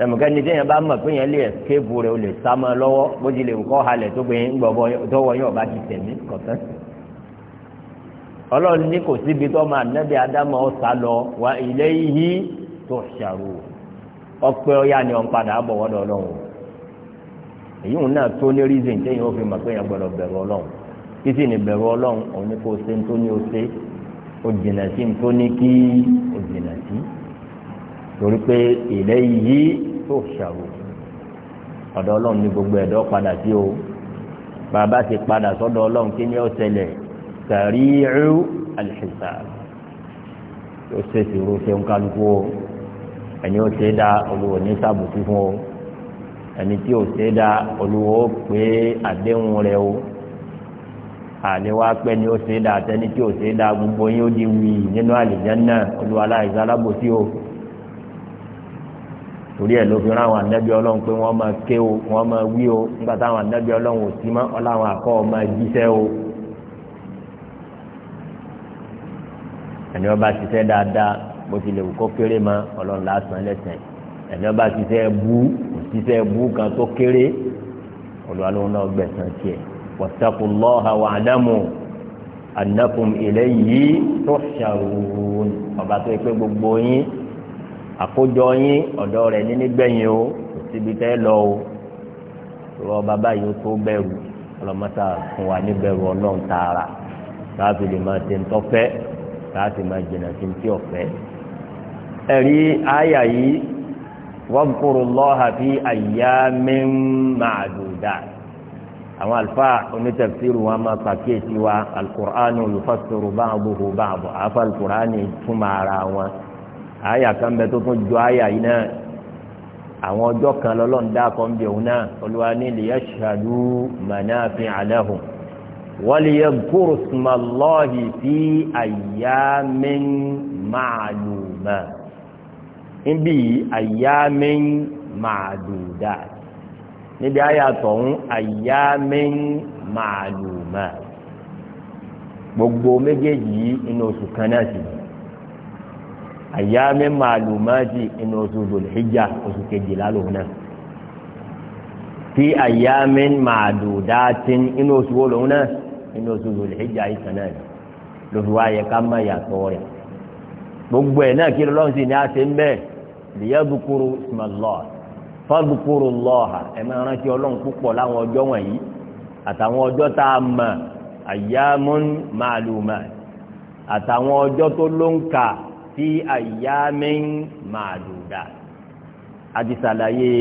tẹmọkẹ ni tẹyàn bá mọ pé yẹn lè kéèbù rẹ o lè sá mọ lọ́wọ́ bó ti lè kọ halẹ̀ tó gbé ńgbọbọ tọwọ́ yẹn ọba ti tẹmí kọtẹ Ọlọ́run ní kò síbi tó máa nẹbi adamu ọsà lọ wa ilé yìí tó ṣàrò ọpẹ ọyá ni ọ̀n padà bọ̀ wọ́dọ̀ Ọlọ́run èyí ń náà tó ní reason tẹyàn ó fi mọ pé yẹn gbọ́dọ̀ bẹ̀rù Ọlọ́run títí ní bẹ̀rù Ọlọ́run òun ni kò ṣe tó ní o ṣe o jìnà sí tó ní kí o jìnà sí torí pé ilé yìí tó ṣàrò ọ̀dọ̀ ọlọ́run ní gbogbo ẹ̀dọ́ padà sí o bàbá ti padà sọ́dọ̀ ọlọ́run kí ni ó ṣẹlẹ̀ sàríìrú al-hisab ó ṣe ìṣòro ṣe ń kálukú o ẹni ó ṣe é dá olùwò ní sábùkú fún o ẹni tí ó ṣe é dá olùwò ó pé àdéhùn rẹ o àníwá pẹ́ ni ó ṣe é dá àtẹni tí ó ṣe é dá gbogbo yín ó di wì nínú àlìjánnà olùwàlá ìsálábòsí o torí ẹ̀ ló fi rán àwọn anábì ọlọ́run pé wọ́n máa ké o wọ́n máa wí o nígbà táwọn anábì ọlọ́run ò sí mọ́ ọláwọn akọ́ ọ máa jíṣẹ́ o. ẹni ọba ṣiṣẹ́ dáadáa bó ti lè wù kó kéré mọ́ ọlọ́run lásán lẹ́sẹ̀ ẹni ọba ṣiṣẹ́ bú ṣiṣẹ́ bú kan tó kéré olùwàlóhùn náà gbẹ̀sán tiẹ̀ wattaqullaha wa'lamu annakum ilayhi tuhsharun ọba tó yẹ pé gbogbo yín àkójọ yín ọ̀dọ̀ rẹ̀ ní nígbẹ̀yìn o kò síbi tẹ́ lọ o rọ bàbá yìí ó tó bẹ̀rù ọlọ́mọta fún wa níbẹ̀rù ọlọ́run tààrà láti lè máa ṣe ń tọ́fẹ́ láti máa jìnnà sí ti ọ̀fẹ́. ẹ̀rí àyà yìí wadhkurullaha fi ayyamin ma'dudat àwọn àlùfáà onítẹ̀fìsìrù wọn máa pàkíyèsí wa al-Qur'anu yufassiru ba'duhu àfa al-Qur'ani túmọ̀ ara wọn àyà kan bẹ tó tún jọ àyà yìí náà àwọn ọjọ́ kan lọ́lọ́run dákọ̀ ń bẹ òun náà olúwa ní liyashhadu manafi'a lahum wa liyadhkuru ismallahi fi ayyamin ma'lumat níbi ayyamin ma'dudat níbi àyà tọ̀hún ayyamin ma'lumat gbogbo méjèèjì yìí inú oṣù kan náà sì ni. àyàmí màlúmáàtì inú oṣù zòlìhíjà oṣù kejìlá lòun fi àyàmí màdùdáàtì inú oṣù wo lòun náà inú oṣù na yìí kan náà wa ya gbogbo ẹ̀ náà kí a ṣe ń bẹ́ẹ̀ lìyàbùkúrú bukuru fàbùkúrú lọha. ẹ̀ máa rántí ọlọ́run ta to lonka. fi ayyamin ma'duda àti sàlàyé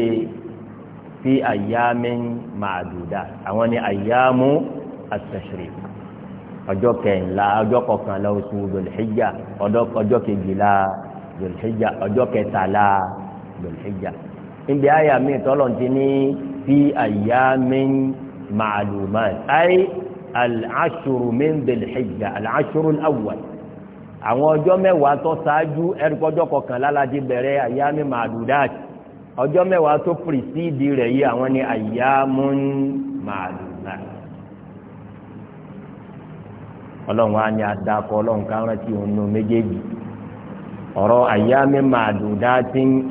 fi ayyamin ma'duda àwọn ni ayyamu at-tashriq ọjọ́ kẹńlá ọjọ́ kọkànlá oṣù zolhijja ọjọ́ kejìlá zolhijja ọjọ́ kẹtàlá zolhijja níbi àyà mi tọ́lọ̀ ti ní fi ayyamin ma'lumat ay al-ashru min zolhijja al-ashru al àwọn ọjọ́ mẹ́wàá tó ṣáájú ẹ̀rùkọ́jọ́ kọkànlá la ti bẹ̀rẹ̀ àyámi màdùdáàt ọjọ́ mẹ́wàá tó pìrìsíìdì rẹ̀ yìí àwọn ni àyámú màdùdáàt. ọlọ́run á ní adakọ ọlọ́run òun nù méjèèjì ọ̀rọ̀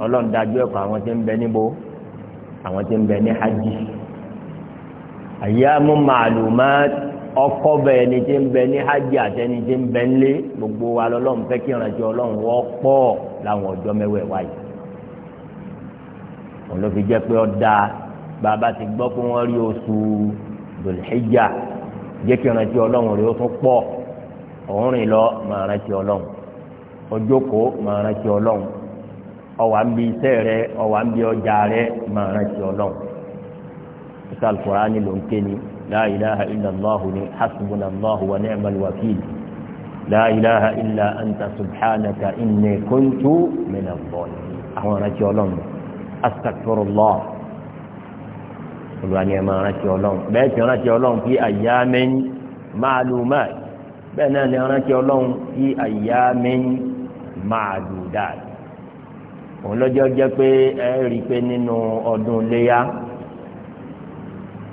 ọlọ́run dájú ẹ̀kọ́ àwọn tí ń bẹ níbo àwọn ọkọ bẹ ẹni tí ń bẹ ní hajj àti ẹni tí ń bẹ ńlé gbogbo wa lọ́lọ́run fẹ́ kí ìrìnàjò Ọlọ́run wọ pọ̀ láwọn ọjọ́ mẹ́wàá wa yìí òun ló fi jẹ́ pé ọdá bàbá ti gbọ́ pé wọ́n rí oṣù dòlìhíjà jẹ́ kí ìrìnàjò Ọlọ́run rẹ ó tún pọ̀ òun rìn lọ máa rántí Ọlọ́run ọjọkọ máa rántí Ọlọ́run ọwà ń bi iṣẹ́ rẹ ọwà ń bi ọjà rẹ máa rántí Ọlọ́run ìsàlùkùrá ni ló ń ké ni. لا إله إلا الله حسبنا الله ونعم الوكيل لا إله إلا أنت سبحانك إني كنت من الظالمين أهوانا تيولون أستغفر الله سبحانه ما أنا تيولون بيت أنا تيولون في أيام معلومات بين أنا تيولون في أيام معدودات òun lọ́jọ́ jẹ́ pé ẹ rí i pé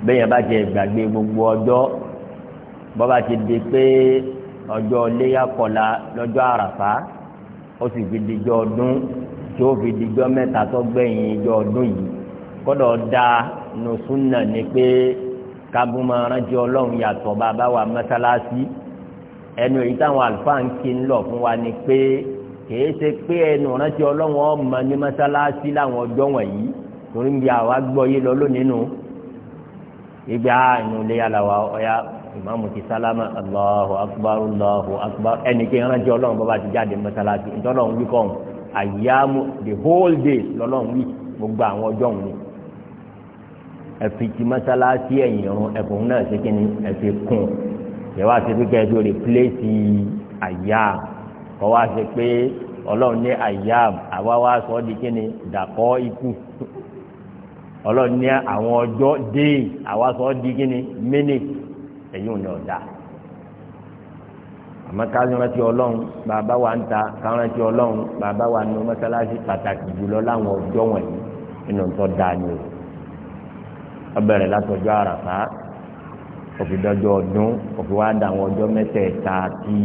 bẹ́yẹn bá jẹ gbàgbé gbogbo ọjọ́ bọ́ba ti di pé ọjọ́ léyàkọ̀la lọ́jọ́ àràfá ó sì fi dijọ́ ọdún tí ó fi dijọ́ mẹ́ta tó gbẹ̀yìn ijọ́ ọdún yìí kọ́dọ̀ da nùsúnà ni pé kábùmọ̀ rántí ọlọ́run yàtọ̀ bàbá wa mọ́sálásí ẹnu èyí táwọn àlùfáà ń kí ń lọ fún wa ni pé kìí ṣe pé ẹnu rántí ọlọ́run ọmọ ní mọ́sálásí láwọn ọjọ́ wọ̀nyí torí bí àwa gbọ́ yé lọ lónìí nù gbígbé a ah, inú ilé aláwa ọ̀ya ìmáàmù ti sálámà Allahu akbar Allahu akbar ẹnì kí ẹran jẹ́ ọlọ́run bọ́ba ti jáde mọ́sálásí ìtọ́lọ́run wí kọ́ ọ̀hún the whole day lọ́lọ́run wí gbogbo àwọn ọjọ́ òun ni ẹ̀fìtì mọ́sálásí ẹ̀yìn ọ̀run ẹ̀fọ̀n náà ṣe kí ni ẹ̀fẹ̀ kùn ìyẹ̀wò àti pípẹ́ ẹ̀dùn rè pílẹ́sì àyà kọ́ wá ṣe pé ọlọ́run ní àyà àwa wá sọ ọ́ di kí ni dàkọ́ ikú ọlọ́run ní àwọn ọjọ́ déè àwa sọ di kíni mínì èyí ò ní ọ̀dà àmọ́ ká rántí ọlọ́run bàbá wa ń ta ká rántí ọlọ́run bàbá wa nu mọ́sálásí pàtàkì jùlọ láwọn ọjọ́ wọ̀nyí nínú tó dáa ni o ọbẹ̀rẹ̀ látọjọ́ àràfá òfin dọ́jọ́ ọdún òfin wa dà àwọn ọjọ́ mẹ́tẹ̀ẹ̀ta tí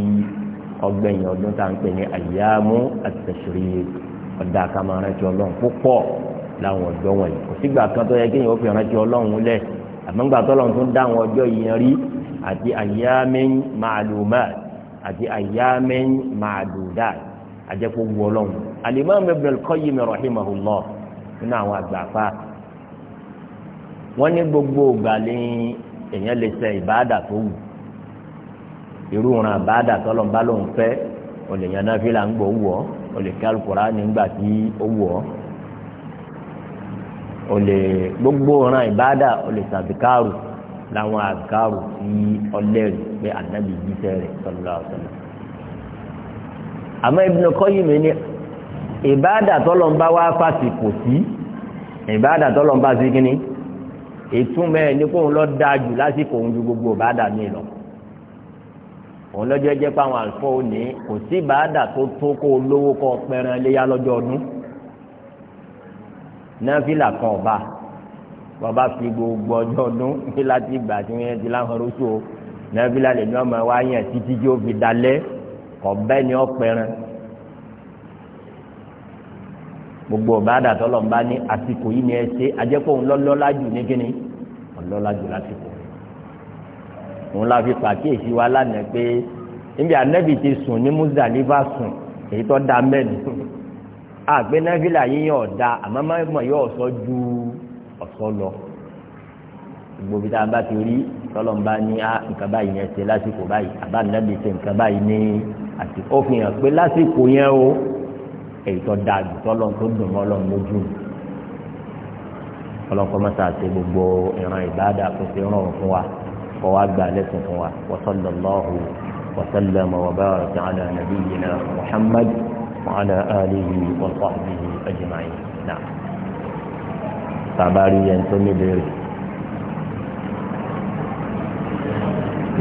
ọgbẹ̀yìn ọdún tá à ń pè ní àyàmú àtẹ̀sírí ọ̀dà ká máa rántí ọlọ́run púpọ̀ láwọn ọjọ́ wọ̀nyí kò sígbà kan tó yẹ kí èèyàn ó fi rántí ọlọ́run lẹ̀ àmọ́ ńgbà tó lọ́run tó ń dá àwọn ọjọ́ yìí rí àti ayyamin ma'lumat àti ayyamin ma'dudat àjẹpọ̀ wu ọlọ́run al-imam ibn al-qayyim rahimahullah nínú àwọn àgbàfà wọ́n ní gbogbo ògbà ní èèyàn lè ṣe ìbáàdà tó wù irú ran àbáàdà tọ́lọ̀ bá lóun fẹ́ olè o lè gbogbo ọ̀ràn ìbáàdà o lè sàbíkàrù láwọn àbíkàrù tí ọlẹ́rìí pé ànábì jíṣẹ́ rẹ̀ sọlá ọ̀sán. àmọ́ Ibn Qayyim mi ní ìbáàdà tọ́lọ́mbá wá fàsìkò sí ìbáàdà tọ́lọ́mbá sí kínní ìtumọ̀ ẹ̀ ní kóun lọ dáa jù lásìkò òun ju gbogbo ìbáàdà mi lọ òun lọ́jọ́ jẹ́ pé àwọn àlùfọ́ òní kò sí ìbáàdà tó tó kó lówó kọ́ pẹran léyà lọ́jọ́ ọdún náfìlà kan ọba bàbá fi gbogbo ọjọ́ ọdún ní láti ìgbà tí wọ́n yẹn ti láwọn rúṣù o náfìlà lè ní ọmọ wa yẹn títí tí ó fi dalẹ̀ kọ̀ọ̀bẹ́ ni ó pẹran gbogbo ọba àdàtọ́ lọ́n bá ní àsìkò yìí ni ẹ ṣe àjẹpọ̀ òun lọ́lọ́lá jù ní kíni ọlọ́lá jù lásìkò òun la fi pàkíyèsí wa lánàá pé níbi ànẹ́bì ti sùn ní Muzdalifa sùn èyí tó da mẹ́rin. àgbẹ̀nàfìlà yíyan ọ̀dà àmọ́ mọ̀ yóò sọ ju ọ̀sọ́ lọ gbogbo tá a bá ti rí tọ́lọ̀ ń bá ní ah, nǹkan báyìí yẹn ṣe lásìkò báyìí àbá nàbì ṣe nǹkan báyìí ní àti ó fi hàn pé lásìkò yẹn o èyí tó da jù tọ́lọ̀ tó dùn mọ́ lọ́n lójú ọlọ́kọ́ mọ́ta ṣe gbogbo ìran ìbáàdà kò sí ràn fún wa kọ́ wa gba lẹ́sìn fún wa wa sallallahu wa sallama wa baraka ala nabiyyina Muhammad. وعلى آله وصحبه أجمعين نعم tàbárí yẹn tó ní béèrè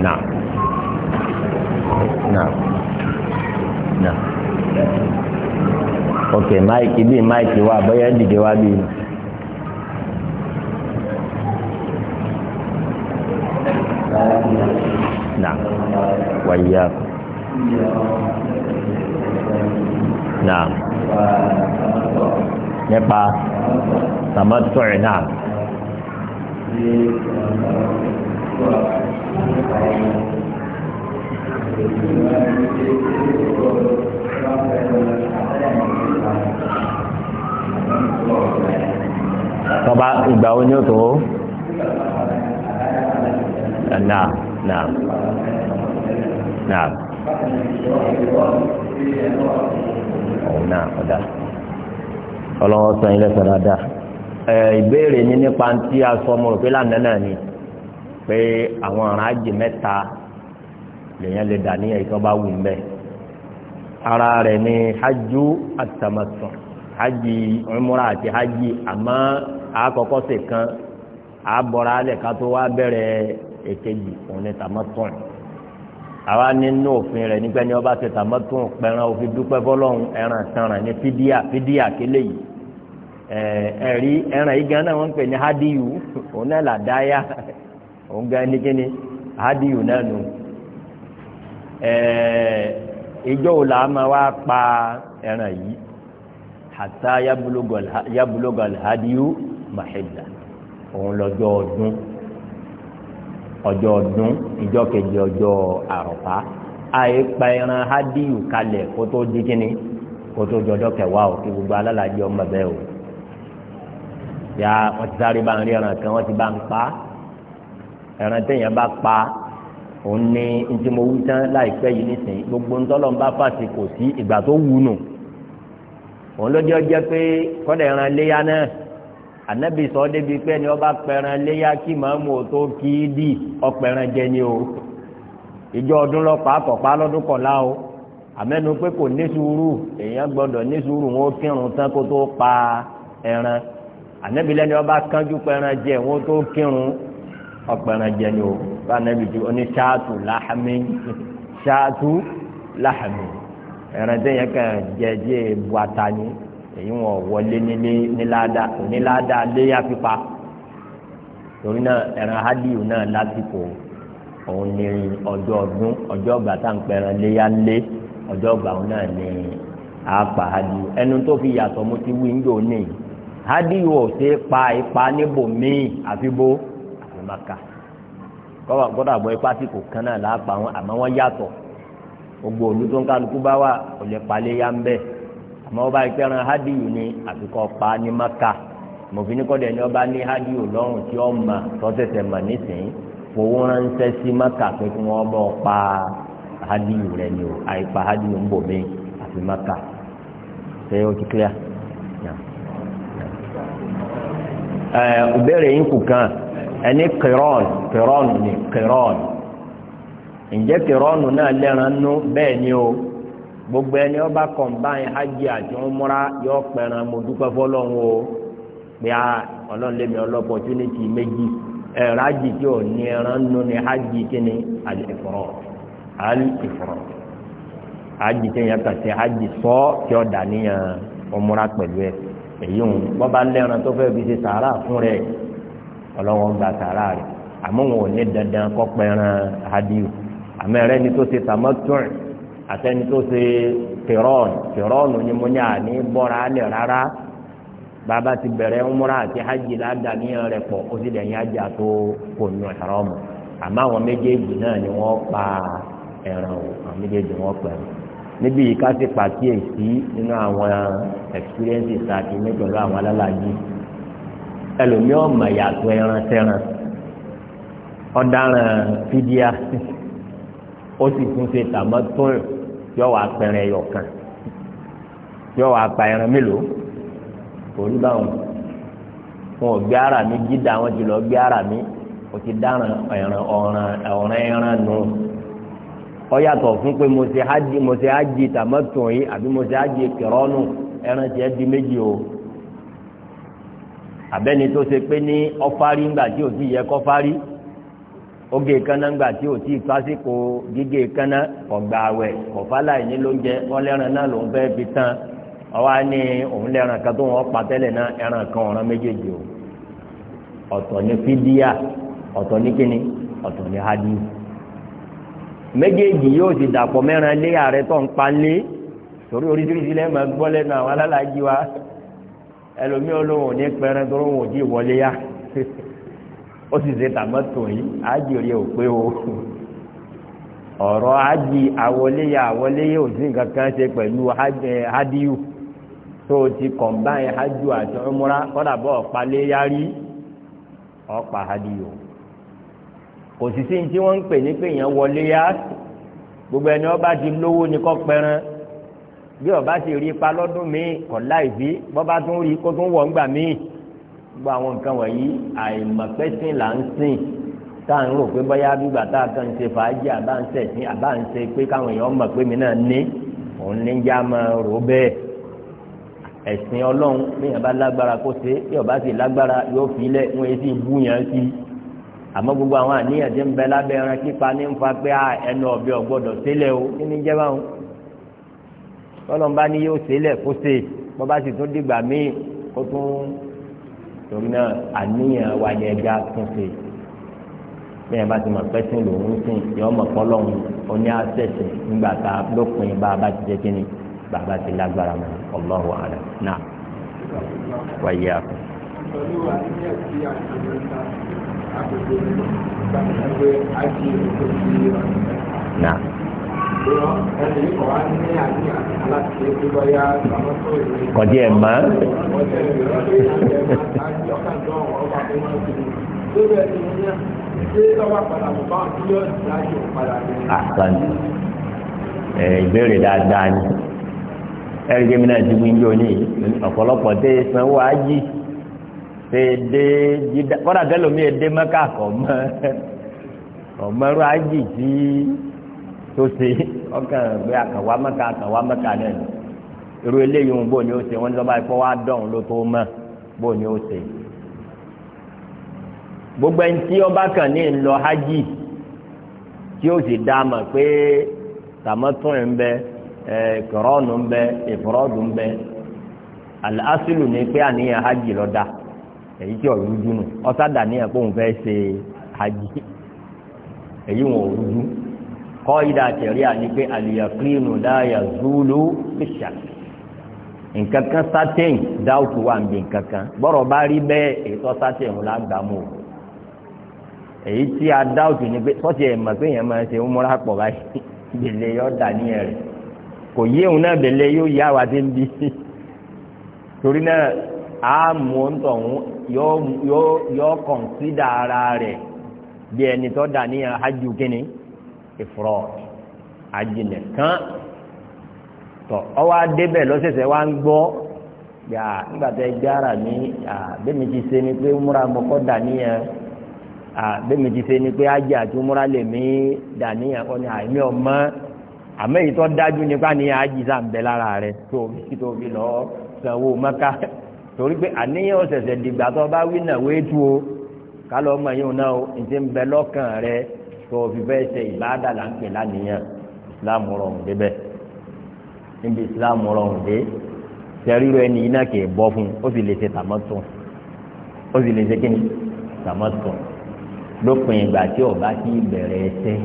náà náà náà ok máìkì bíi máìkì wa bóyá dìde wa bíi nù. نعم وإياكم náà nípa tàmátù ẹ̀ náà. tọ́ba ìgbà wo ni ó tó náà náà náà òun náà ọ̀dà ọlọ́wọ́ sọ ilé sọ dáadáa ẹ ìbéèrè ní nípa ti aṣọ ọmọ òfin lànà náà ni pé àwọn àràjì mẹ́ta lèèyàn lè dà ní ẹ̀yìn tó bá wù mbẹ́ ara rẹ̀ ni hajj atamattu hajj umura àti hajj àmọ́ àkọ́kọ́ ṣe kan alẹ́ ká tó wá bẹ̀rẹ̀ èkejì òun ni tamattu àwa nínú òfin rẹ̀ nígbà ní ọba tètè àmọ́tún pẹ̀ràn òfin dúpẹ́ fọlọ́run ẹran tanràn ní fídíà fídíà kélé yìí ẹ̀rí ẹran yìí gan náà wọ́n ń pè ní hadiyu òun náà là dáyà òun gan ní kíni hadiyu náà nù ìjọ òòlà máa wá pa ẹran yìí hatta yabulugal hadiyu mahilla òun lọ́jọ́ ọdún ọjọ́ ọdún ìjọ kejì ọjọ́ àrọ̀fá àìpa ẹran hádìyù kalẹ̀ kó tó di kíni kó tó jọjọ kẹwàá o kí gbogbo alálàájẹ ọmọ bẹ́ẹ̀ o ya wọ́n ti sáré bá ń rí ẹran kan wọ́n ti bá ń pa ẹran téèyàn bá pa òun ní ntìmọ̀wú tán láìpẹ́ yìí nísìnyí gbogbo ntọ́lọ́ ń bá fàṣẹ kò sí ìgbà tó wù nù òun ló dé ọjọ́ pé kọ́dà ẹran léyà náà ànábì sọ débi pé ni ọba pẹran léyà kí màmú o tó kí í dì ọpẹran jẹ ni o ìjọ ọdún lọpàá kọpá lọdún kọlá o àmẹnu pé kò ní sùúrù èèyàn gbọ́dọ̀ ní sùúrù wọn kírun tán kó tó pa ẹran ànábì lẹni ọba kánjú pẹran jẹ wọn ó tó kírun ọpẹran jẹ ni o bá ànábì tí ó ní ṣáàtù láhàmì ṣáàtù láhàmì ẹran tẹ̀yẹ kàn jẹ jẹ bu ata ni èyí wọn wọlé nílé níláàdá níláàdá léyà pípa torí náà ẹran hádìú náà lásìkò òun ní ọjọ́ ọdún ọjọ́ ọgbà tá à ń pẹran léyà lé ọjọ́ ọgbà òun náà ní àpà hádìú ẹnu tó fi yàtọ̀ mo ti wí ńjọ ní hádìú ò ṣe é pa ipa níbòmíì àfibó àfi Mákà kọ́wà gbọ́dọ̀ àbọ̀ ipá tí kò kan náà lápá wọn àmọ́ wọ́n yàtọ̀ gbogbo òlu tó ń kálukú bá wà ò lè palẹ̀ yá ń bẹ́ẹ̀. àmọ́ ọba ìpẹ́ran hádìyù ni ní maka mòfin ní kọ́dẹ̀ ni ọba ní hádìyù lọ́rùn tí ó mà tọ́sẹ̀sẹ̀ mà nísìnyí fowó ránṣẹ́ sí maka pé kí wọ́n bọ́ pa rẹ ni o àìpa hádìyù ń bò mí maka ṣé o ti clear. ẹ yín kù kan ẹni ni ǹjẹ́ náà lẹ́ran o. gbogbo ẹni ọba kọ̀ǹbáyìn hajj àti ọmọra yọ pẹ̀ràn mo dúpẹ́ fọlọ́run o pé a ọlọ́run lèmi ọlọ́pọ̀tunìtì méjì ẹ̀rọ hajj tí ò ní ẹran nù ní hajj kíni àlìfọ̀rọ̀ àlìfọ̀rọ̀ hajj tí yẹn kà sí hajj sọ tí ọ dà níyàn ọmọra pẹ̀lú ẹ èyí ń bọ́ba lẹ́ran tó fẹ́ fi ṣe sàárà fún rẹ ọlọ́wọ́n gba sàárà rẹ àmọ́ wọn ò ní dandan kọ́ pẹ̀ràn hajj àmọ́ ẹ̀rẹ́ni tó ṣe tàmọ́tún àtẹni tó ṣe kìrọ́ọ̀nù kìrọ́ọ̀nù ni mo ní àní bọ́ra lẹ̀ rárá bàbá ti bẹ̀rẹ̀ umra àti hajj ládàáníyàn rẹ̀ pọ̀ ó sì lẹ́yìn ajá tó kò ní ọ̀hẹ́rọ̀ mu àmọ́ àwọn méjèèjì náà ni wọ́n pa ẹ̀ràn o àwọn méjèèjì wọ́n pa ẹ̀ràn níbi yìí ká sì pàkíyèsí nínú àwọn experiences àti ní pẹ̀lú àwọn alálàájì ẹlòmíràn mọ̀ yàtọ̀ ẹran sẹ́ran ọ̀daràn fídíà ó sì tún ṣe tàmọ́tò tí ọwọ́ apẹ̀rẹ̀ ẹyọ kan tí ọwọ́ apá ẹran mélòó kò rí báwọn wọn ò gbé ara mi jídà wọn ti lọ gbé ara mi o ti dáràn ẹran ọ̀ràn ọ̀ràn ẹran nù ọyàtọ̀ fún pé mo ṣe ájì mo ṣe ájì tàmọ́tò yìí àbí mo ṣe ájì kẹrọ́nù ẹran tiẹ̀ di méjì o àbẹ́ni tó ṣe pé ní ọfárí ńgbà tí ò sì yẹ kọfárí oge kanna ńgbà o ti pásíkò gige kanna ọgba awẹ kọfàlà yìí ló ń jẹ wọn lẹran náà ló ń fẹ́ fi tán ọwọ ni òun lẹran kan tó wọn pa tẹ́lẹ̀ náà ẹran kan méjèèjì o ọ̀tọ̀ ní fídíà ọ̀tọ̀ ni kíni ọ̀tọ̀ ní hadi méjèèjì yóò ti dàpọ̀ mẹ́ran lé ààrẹ tó ń pa lé torí oríṣiríṣi lẹ́yìn máa àwọn alálàájì wa ní tó ò wọlé ó sì ṣe tàmọ́tò yìí ájì rí ò pé o ọ̀rọ̀ ájì àwọléyà àwọléyà ò sí nǹkan kan ṣe pẹ̀lú hádìú eh, tó o ti kọ̀ǹbáyé hádìú àti ọmúra kọ́dà bọ́ ọ̀pá léyà rí ọ̀pá hádìú kò sì sí tí wọ́n ń pè ní pé èèyàn wọlé gbogbo ẹni ọba ti lówó ni kọ́ pẹran bí ọba sì rí ipa lọ́dún míì kọ̀ láì bí bọ́ba tún rí kó tún wọ̀ ńgbà míì gbogbo àwọn nǹkan wọ̀nyí àìmọ̀pẹ́sìn là ń sìn tá à ń rò pé bóyá bígbà tá a kàn ń ṣe fàájì àbá ń ṣẹ̀sìn àbá ń ṣe pé káwọn èèyàn mọ̀ pé mi náà ní òun ní já máa rò bẹ́ẹ̀ ẹ̀sìn ọlọ́run bíyàn bá lágbára kó ṣe yóò bá sì lágbára yóò fi lẹ̀ wọ́n yé sì bú yàn sí i àmọ́ gbogbo àwọn àníyàn tí ń bẹ lábẹ́ ẹran kípa ní ń fa pé ẹnu ọ̀bẹ ọ̀gbọ́dọ̀ sílẹ̀ o kí ni jẹ́ báwọn ọlọ́run bá ní yóò sílẹ̀ kó ṣe bọ́ bá sì tún dìgbà míì kó tún torí náà àníyàn wa yẹ ẹja tún ṣe bẹ́ẹ̀ bá ti mọ̀ pẹ́sìn lòún sìn yọ ọmọ kọ́lọ́hún oní àṣẹṣe nígbà tá a lópin bá a bá ti jẹ́ kínní bàbá ti lágbára mọ́ ọlọ́run àlà náà wáyé àpò. pẹ̀lú kọjí ẹ̀ mọ́. àtàn ìbéèrè dáadáa ni ẹ̀rí gbẹ́mí náà ti wíńdí òní ọ̀pọ̀lọpọ̀ tẹ́ sanwó ají tẹ́ dé jídá kọ́dà tẹ́lómi ẹ̀ dé mẹ́kà kọ́ mọ́ ọ̀mọ́rú ají tí. tó ṣe ọkàn gbé àkànwá mẹ́ka àkànwá mẹ́ka náà irú eléyìí ń bò ní ó ṣe wọ́n ní lọ́ba wá dọ̀hún ló tó mọ̀ bò ní gbogbo ẹni tí ọba kan ní hajj tí ó sì dá a pé tàmọ́tún ń bẹ kọ̀rọ́ọ̀nù ń bẹ ìfọ̀rọ̀dù ń bẹ ni pé àníyàn hajj lọ da èyí tí pé òun fẹ́ ṣe hajj èyí wọn ò kọ́ìdà tẹ̀rí à ní pé àlìyàkínú láyà zúlù bíṣà nǹkan kan sátẹ̀yìn dáùtù wà ń bí nǹkan kan bọ́rọ̀ bá rí bẹ́ẹ̀ ètò sátẹ̀yìn lágbàmú o èyí tí a dáùtù ni pé sọ́ọ̀tì ẹ̀ mọ̀ pé èèyàn máa ṣe ń múra pọ̀ báyìí gbèlè yọ dà ní ẹ̀rẹ̀ kò yé òun náà gbèlè yóò yá wa dé ń bí torí náà a mú ń tọ̀hún yọ kọ̀ǹsídà ara rẹ̀ bí ẹni tó dà ní hajj ifrod ajinlẹ kan tọ ọwọ adébẹ lọsẹsẹ wa ń gbọ́ yà nígbà tó ẹ gbára mi àbẹ̀mí ti ṣe ni pé múra mọ́kọ́ dà níyẹn àbẹ̀mí ti ṣe ni pé ajé àti múra lè mí dà níyẹn ni àìmí ọmọ àmọ́ dájú nípa ni àjì sá ń bẹ lára rẹ̀ tó fi tó fi lọ sanwó mọ́ká torí pé àníyàn ọ̀sẹ̀sẹ̀ dìgbà tó bá wí náà wéé tu o ká lọ́ọ́ mọ̀ yín náà o ní tó o fi fẹ́ ṣe ìbáàdà là ń pè lánìyàn islam rọrùn débẹ̀ níbi islam rọrùn dé sẹ́ríro ẹni iná kì í bọ́ fún un ó sì lè ṣe tàmọ́tún ó sì lè ṣe kí ni tàmọ́tún lópin ìgbà tí ó ti bẹ̀rẹ̀ ẹsẹ̀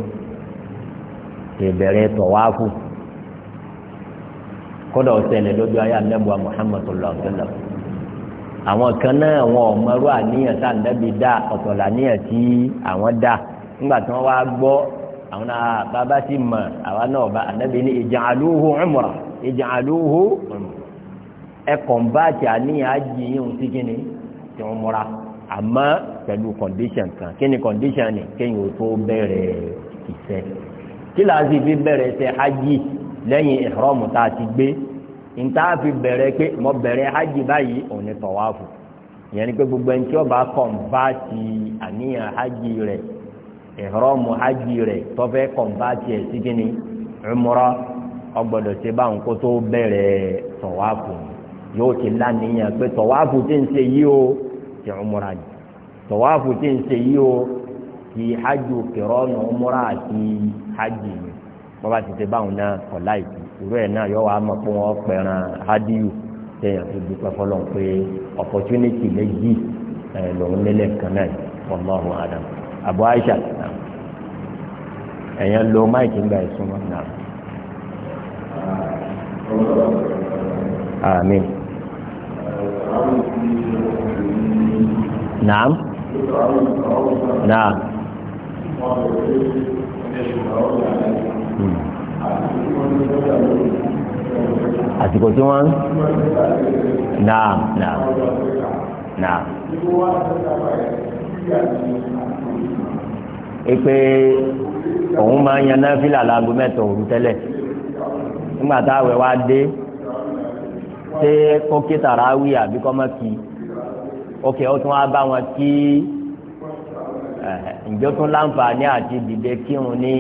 ìbẹ̀rẹ̀ tọ̀wáfù kódà ọ̀sẹ̀lẹ̀ lójú ayé anábùwà muhammadu lọ́sẹ̀lẹ̀ àwọn kan náà wọn ò mọ̀rú àníyàn tá ànábì dá ọ̀tọ̀ làníyàn tí àwọn dá ńgbà tí wọ́n wá gbọ́ àwọn náà bàbá ti mọ̀ àwa náà bá ànábì ní ij'aluhu umra ij'aluhu umra ẹ kọ̀ǹbáàtì àníyàn á jí yín sí kí ni tí wọ́n múra àmọ́ pẹ̀lú condition kan kí ni condition ni kéyìn ò tó bẹ̀rẹ̀ ìṣe kí láti fi bẹ̀rẹ̀ ṣe hajj lẹ́yìn ìhrọ́mù tá a ti gbé nta fi bẹ̀rẹ̀ pé mo bẹ̀rẹ̀ hajj báyìí òní tọ̀wáfù ìyẹn ni pé gbogbo ẹni tí ó bá kọ̀ǹbáàtì àníyàn hajj rẹ̀ ìhrọ́mù hajj rẹ̀ tọ́fẹ́ kọ̀ǹpáàtì ẹ̀ sí kínní umrah ọgbọ́dọ̀ ṣe báwọn kó tó bẹ̀rẹ̀ tọ̀wáàfù yóò ti o ti umrah ni tọ̀wáàfù tí ń ṣe o ti hajj kìrọ́nù umrah àti hajj ni wọ́n bá ti ṣe báwọn náà kọ̀ láìpẹ́ ìró ẹ̀ náà yọ wàá mọ̀ pé wọ́n pẹ̀ràn hadiyu tẹ̀yàn dúpẹ́ fọlọ́n pé opportunity lòun lélẹ̀ Abu àìsà ẹ̀yẹn lo máìkì ń gba ìsúnmọ́ náà. Amin. Naam. Naam. Àsìkò tí wọ́n naam naam naam pé òun máa ń yan náfìlà láago mẹ́ta òru tẹ́lẹ̀ nígbà tá àwẹ̀ wá dé ṣé kó kí tàràwì àbí kọ́ mọ́ kí ókè ó tún wá bá wọn kí eh, ǹjọ́ tún láǹfààní àti dìde kírun ní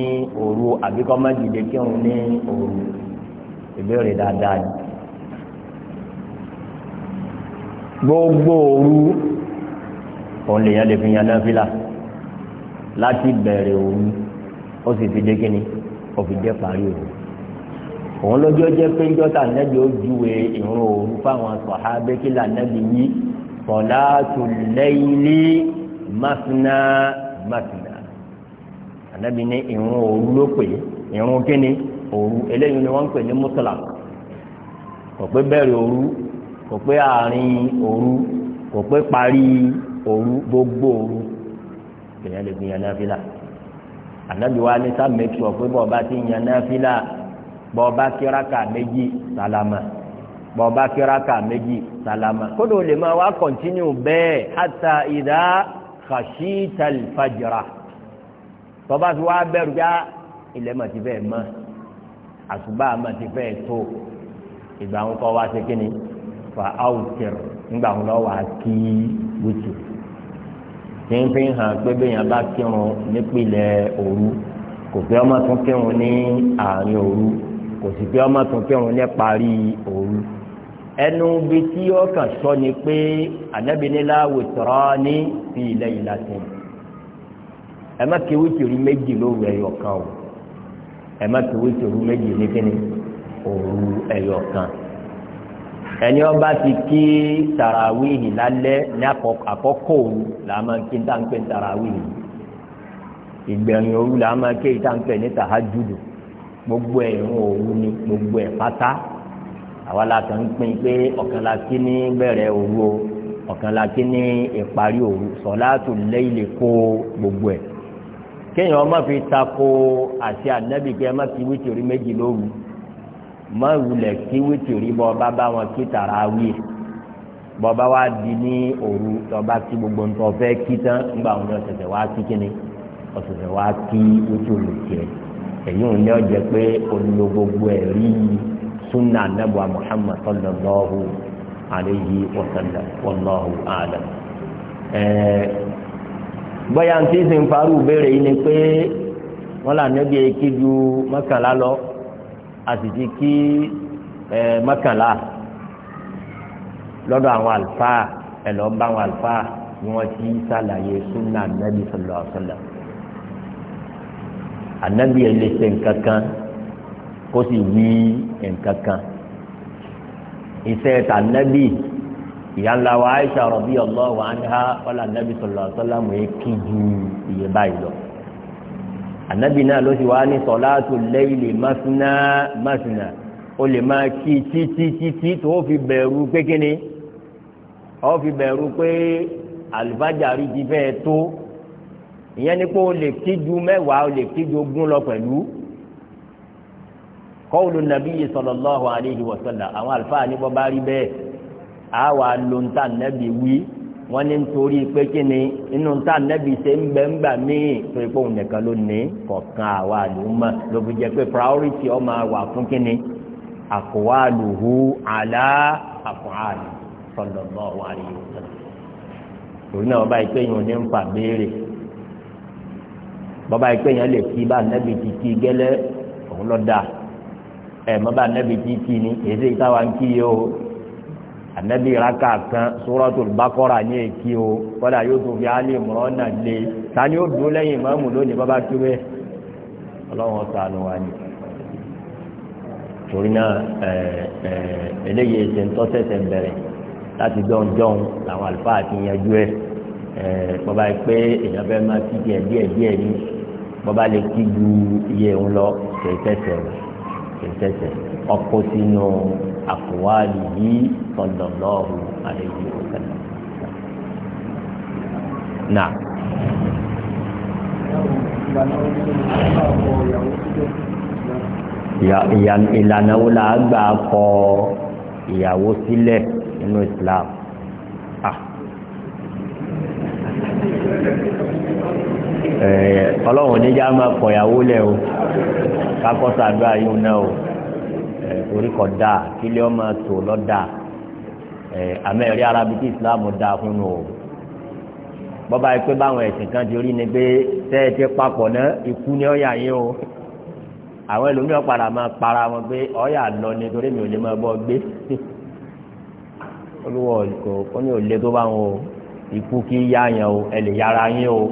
òru àbí kọ́ mọ́ dìde kírun ní òru ìbéèrè dáadáa ni. gbogbo òru òun lèèyàn lè fi yan náfìlà láti bẹ̀rẹ̀ òru ó sì fi dé kínní ó fi dé parí òru òun lọ́jọ́ jẹ́ pé jọ́tà nẹ́bí ó júwe ìrun òru fáwọn sọ̀hábé kí lànẹ́bí yí sọ̀láàtù lẹ́yìnlí máfínà máfínà ànẹ́bí ní ìrun òru ló pè ìrun kínní òru eléyìí ni wọ́n ń pè ní mùsùlá kò pé bẹ̀rẹ̀ òru kò pé àárín òru kò pé parí òru gbogbo òru èèyàn lè fi yan náfìlà ànábì wa ní sá make sure pé bọ́ọ̀ bá ti yan náfìlà bọ́ọ̀ bá kíráka méjì sálámà bọ́ọ̀ bá kíráka méjì sálámà kódò lè máa wá continue bẹ́ẹ̀ hatta ìdá khashital fajra tọ́ba fi wá bẹ̀rù já ah, ilẹ̀ mà ti fẹ́ mọ́ àsùbá mà ti fẹ́ tó ìgbà ńkọ́ wá sí kínní fa áwùtẹ̀rù ńgbà ńlọ́wọ́ àti wùtù tí ń fi hàn pé bẹ́yàn bá kírun nípìnlẹ̀ òru kò pé ọmọ tún kírun ní àárín òru kò sì pé ọmọ tún kírun ní parí òru ẹnu bí tí ó kàn sọ ni pé ànábìnilá wòtọ́rọ́ ní fi ilẹ̀ yìí láti ẹ má kí wítìrú méjì lóru ẹyọ kan o ẹ má kí wítìrú méjì ní kíni òru ẹyọ kan ẹni ọba ti kí tarawihi lálẹ́ ní àkọ́kọ́ òru là máa kí táǹpẹ̀ tarawihi ìgbẹ̀yìn òru là máa kí táǹpẹ̀ ní tàhájúdù gbogbo ẹ̀rùn òru ni gbogbo ẹ̀ pátá àwa la kàn ń pín pé ọ̀kan la kí ní bẹ̀rẹ̀ òru o ọ̀kan la kí ní ìparí òru sọ̀láàtù lẹ́yìn lè kó gbogbo ẹ̀ kéèyàn ọmọ fi tako àti ànábì kí ẹ má fi wítìrí méjì lóru má wulẹ̀ kí wítìrì bọ́ bá bá wọn kí tàràwí bọ́ bá wá di ní òru tọ́ba kí gbogbo nǹkan fẹ́ kí tán nígbà wọn ni ọ̀sẹ̀sẹ̀ wá kí kíni ọ̀sẹ̀sẹ̀ wá kí wítìrì tiẹ̀ èyí ò ní ọ̀jẹ̀ pé olùlò gbogbo ẹ̀ rí sunna anabu muhammad sallallahu alayhi wa sallam wallahu a'lam. bóyá ntí sin faru béèrè yìí ni pé wọ́n là a sì ti kí mọ́kànlá lọ́dọ̀ àwọn àlùfáà ẹ̀ lọ́ọ́ bá àwọn àlùfáà ni wọ́n ti ṣàlàyé súnà nàbì sallallahu alaihi wasallam ànábì ẹ̀ lè ṣe nǹkan kan kó sì wí nǹkan kan iṣẹ́ ta nàbì ìyá ńlá wa Aisha radiyallahu anha wala nàbì sallallahu alaihi wasallam mọ̀ ẹ́ kí ju iye báyìí lọ ànábì náà ló sì wá ní sọ̀láàtù lẹ́yìnlè máfínà máfínà ó lè máa kí títí títí tó o fi bẹ̀rù pé kíni ó fi bẹ̀rù pé àlùfájàrí ti fẹ́ tó ìyẹn ni pé o lè kí ju mẹ́wàá o lè kí ju ogún lọ pẹ̀lú kọ́wùlù nàbí sallallahu alayhi wa sallam àwọn àlùfáà ní bọ́ bá rí bẹ́ẹ̀ àwa lóńtà nàbí wí wọ́n ní nítorí pé kí ni inú ta nẹ́bí ṣe ń bẹ́ ń gbà míì torí pé òun nìkan ló ní kọ̀ọ̀kan àwa àlùmọ́ ló fi jẹ́ pé priority ọmọ wà fún kí ni àkọ́wàlùhù àlá àfọ̀hàlù sọ̀dọ̀mọ́ wà ní ìwòsàn. torí náà bàbá ìpè yẹn ò ní ń fà béèrè bàbá ìpè yẹn lè kí bá nẹ́bí ti gẹ́lẹ́ òun lọ́ọ́ ẹ̀ mọ́ bá nẹ́bí ti kí ni èyí anabi raka kan suratul bakora ní èkí o kọ́dà yóò tó fi alẹ́ mọ́ náà lé tani ó dúró lẹ́yìn ìmáàmù lónìí bàbá tó bẹ́ẹ̀ ọlọ́run sànù wa ni torí náà eléyìí ètò ìtọ́sẹ̀sẹ̀ bẹ̀rẹ̀ láti jọ̀njọ̀n làwọn àlùfáà ti yanjú ẹ̀ bọ́ba yìí pé èèyàn fẹ́ máa ti díẹ̀ díẹ̀ díẹ̀ ní bọ́ba lè kí ju iye òun lọ kì í tẹ̀sẹ̀ ọkọ̀ sínú àkùwálìyí sallallahu alayhi wa sallam. Nà. ìlànà wo la gbà kọ ìyàwó sílẹ̀ nínú Islam. Ah. Eh, Ọlọ́run oníjà máa kọ̀yàwó lẹ̀ o kákọ́sàdúrà yóò náà o. Eh, torí kọ da kílẹ̀ ọmọ tó lọ da amẹ́rí eh, arabi tí ìsìlámù da fún un o bọ́ba yìí pé báwọn ẹ̀sìn kan ti rí ni pé tẹ́ ẹ ti papọ̀ náà ikú ni ọ̀yà yín o àwọn ẹlòmíràn padà máa para wọn pé ọ̀yà lọ ni torí mi ò lè máa bọ́ gbé olúwọ̀ kò ó ní òlé tó bá wọn o ikú kí yá yẹn o ẹ lè yára yín o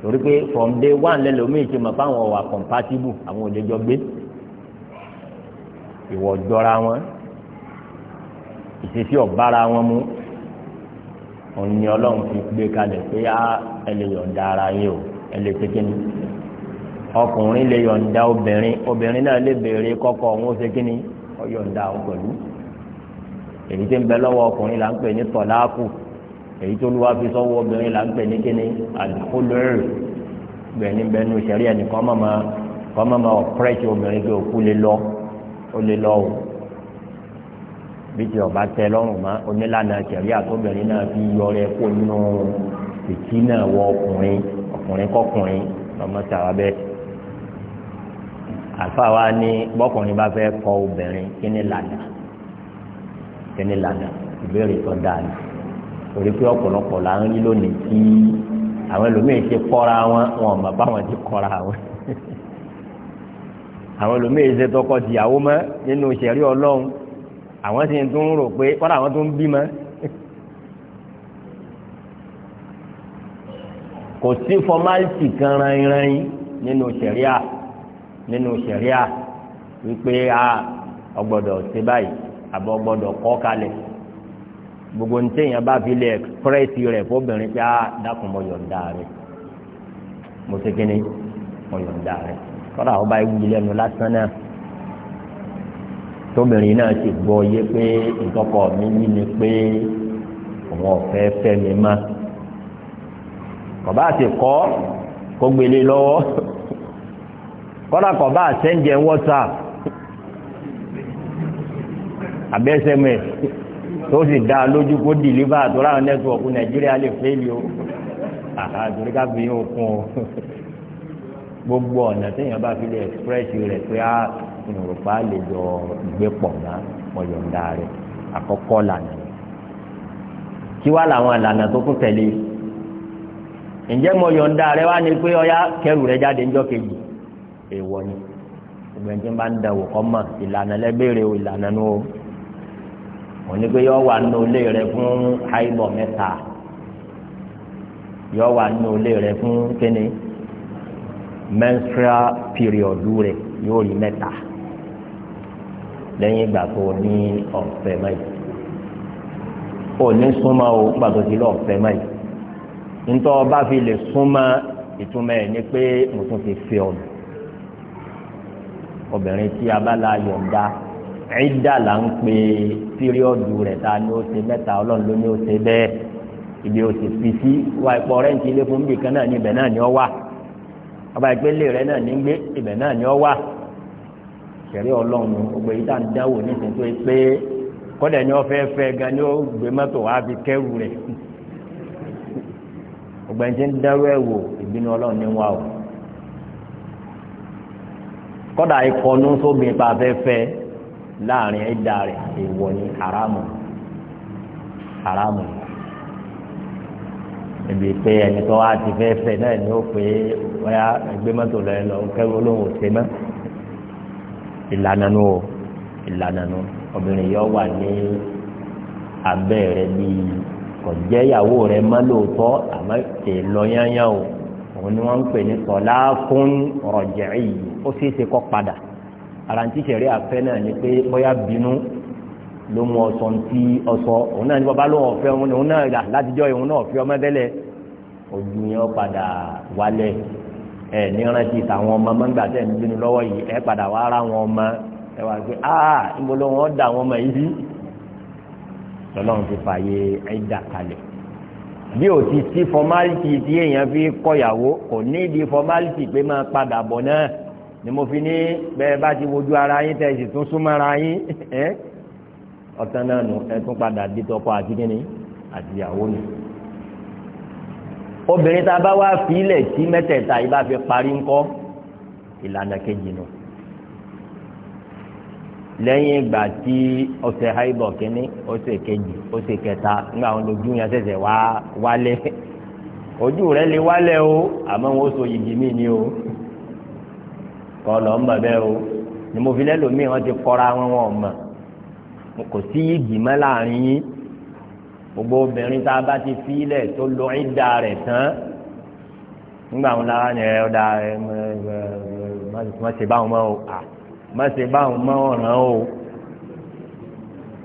torí pé from day one lẹ́lòmíì ti mọ̀ fáwọn ọ̀wà compatible àwọn ò lè jọ gbé ìwọ jọra wọn ìṣesí ọ̀bára wọn mú òní ọlọ́run fi gbé kalẹ̀ pé á ẹ lè yọ̀ǹda ara yín o ẹ lè pé kíni ọkùnrin lè yọ̀ǹda obìnrin obìnrin náà lè béèrè kọ́kọ́ òun ó ṣe kíni ó yọ̀ǹda òun pẹ̀lú èyí tí ń bẹ lọ́wọ́ ọkùnrin là ń pè ní tọ̀láàkù èyí tó lù wá fi sọ́wọ́ obìnrin là ń pè ní kíni àdìkúlùrì bẹ́ẹ̀ ni bẹ́ẹ̀ ni òṣèré ẹnìkan mọ̀mọ́ kọ́ mọ̀mọ́ ọ̀pẹ́rẹ́tì obìnrin pé òkú lè lọ ó lè lọ o bí tí ọba tẹ lọ́rùn mọ́ onílànà kẹ̀rí àtọ́bìnrin náà fi yọ rẹ kó nínú ìtì náà wọ ọkùnrin ọkùnrin kọkùnrin ọmọ tàwa bẹ́ẹ̀ àfa wa ní bọ́kùnrin bá fẹ́ kọ obìnrin kí lànà kí lànà ìbéèrè tó dáa torí pé ọ̀pọ̀lọpọ̀ là ń rí lónìí tí àwọn ẹlòmíín ti kọ́ra wọn wọn ò báwọn ti kọ́ra wọn àwọn olùmíì ṣe tọkọ tìyàwó mọ́ nínú ìṣẹ̀rí ọlọ́run àwọn sì ń tún rò pé kọ́dà àwọn tó ń bímọ. kò sí fọmáìtì kan rányìnrányìn nínú ṣẹ̀ríà nínú ṣẹ̀ríà wípé a ọgbọ́dọ̀ ṣe báyìí àbọ̀ ọgbọ́dọ̀ kọ́ kalẹ̀ gbogbo ní téèyàn bá fi lè ẹ̀kpẹ́rẹ́sì rẹ̀ fóbìnrin pé a dákun mọ̀ yọ̀ǹda rẹ̀ mo ṣe kí ni mọ̀ yọ̀ǹda rẹ̀ kọ́ra ọba ewì lẹ́nu lásán náà tóbìnrin náà ti gbọ́ yé pé ìtọ́kọ mi yí ni pé òun ọ̀fẹ́ fẹ́ mi má kọ̀bá àti kọ́ kó gbélé lọ́wọ́ kọ́ra kọ̀bá àtẹ́ǹjẹ̀ WhatsApp abẹ́sẹ̀mẹ̀ tó sì dá lójú kó dìlíbà tó ráwọn nẹ́tíwọ̀kù Nàìjíríà lè fẹ́ lé o àtàtúrí ká fi o gbogbo ọ̀nà téèyàn bá fi lè express rẹ̀ pé á ah, ìrùpá lè jọ ìgbé pọ̀ ná ọ̀yọ̀ǹda rẹ̀ àkọ́kọ́ lànà kí wá làwọn ìlànà tó kún tẹ̀lé ǹjẹ́ mo yọ̀ǹda rẹ̀ wá ní pé ọyá kẹrù rẹ̀ jáde ńjọ́ kejì èèwọ̀ ni ìgbẹ́ tí ń bá ń da wò kọ́ mọ̀ ìlànà lẹ́bẹ̀rẹ̀ o ìlànà nu o wọ́n ní pé yọ wà nù ilé rẹ̀ fún àìbọ̀ mẹ́ta yọ wà nù ilé rẹ̀ fún kíni menstrual period rẹ̀ yóò rí mẹ́ta lẹ́yìn ìgbà tó ní ọ̀fẹ́ mẹ́yì ó ní súnmọ́ o nígbà tó ti lọ ọ̀fẹ́ mẹ́yì nítorí ọba fi lè súnmọ́ ìtumọ̀ ẹ̀ ni pé mo tún ti fi ọ̀nà obìnrin tí a bá la yọ̀ǹda ẹ̀dá là ń pe píríọ̀dù rẹ̀ ta ni ó ṣe mẹ́ta ọlọ́run ló ní ó ṣe bẹ́ẹ̀ ibi ó ti fi sí wá ipò rẹ́ǹtì ilé fún bìkan náà níbẹ̀ náà ni ó wà. ọba ìgbélé rẹ náà ní gbé ibẹ̀ náà ni ọ wà ṣẹ̀rí ọlọ́run ògbè yìí dáa ń dáwò tó pé kọ́dẹ̀ ni wọ́n fẹ́ fẹ́ gan ni ó gbé mọ́tò wá fi kẹ́rù rẹ̀ ògbè yìí ti ń pa láàrin ẹ̀dá rẹ̀ èèwọ̀ ebi pé ẹni tó wá ti fẹ́ fẹ́ náà ni ó pé wáyà ẹgbẹ́ mọ́tò lọ ẹ lọ kẹ́rù olóhùn òsè mọ́ ìlànà nu o ìlànà nu obìnrin yọ wà ní abẹ́ rẹ bíi kò jẹ́ ìyàwó rẹ mọ́ lóòótọ́ àmọ́ èèlọ yányá o òun ni wọ́n ń pè ní tọ́lá fún rọ̀jẹ̀ yìí ó sì ṣe kọ́ padà àràǹtíṣẹ̀rí àfẹ́ náà ni pé bóyá bínú ló mú ọsàn tí ọsọ òun náà ní bàbá ló hàn fẹ́ òun náà yà látijọ́ òun náà fẹ́ ọmọ tẹ́lẹ̀ ojú yẹn padà wálẹ̀ ẹ nírántí tàwọn ọmọ mọ́ngbà tẹ̀ ń bínú lọ́wọ́ yìí ẹ padà wá ara wọn ọmọ ẹ wá pé ah níbo ló wọn dà wọn ọmọ yìí sí lọ́lọ́run ti fààyè ẹ̀dà kalẹ̀ bí o ti sí fọmálítì tí èèyàn fi kọyàwó kò ní ìdí fọmálítì pé máa padà bọ̀ náà ni mo fi ní bẹ́ẹ̀ bá ti wojú ara yín tẹ̀ sì tún súnmọ́ ara yín ẹ́ ọ̀tán náà nù ẹ̀tún padà di tọkọ àti kíni àtìyàwó ni. obìnrin tá a bá wá fi ilẹ̀ tí mẹ́tẹ̀ẹ̀ta yìí bá fi parí ńkọ́ ìlànà kejì nù. lẹ́yìn ìgbà tí ọ̀sẹ̀ haibọ̀ kínní ọ̀sẹ̀ kejì ọ̀sẹ̀ kẹta nígbà wọn lójú yẹn ṣẹ̀ṣẹ̀ wá wálé ojú rẹ̀ lè wálé o àmọ́ wọn ó so yìgì mí ni o kọ́ lọ́ọ́ mọ̀ bẹ́ẹ̀ o ni mo fi lẹ́lòmíì wọ́n ti kọ́ra wọn wọn mọ̀ kò sí yìgì mọ́ láàrin yín gbogbo obìnrin tá a bá ti fi ilẹ̀ tó lọ ìdá rẹ̀ tán nígbà wọn lára ni ẹ ọ̀dà ẹ má ṣe báwọn mọ́ o má ṣe báwọn mọ́ ọ̀ràn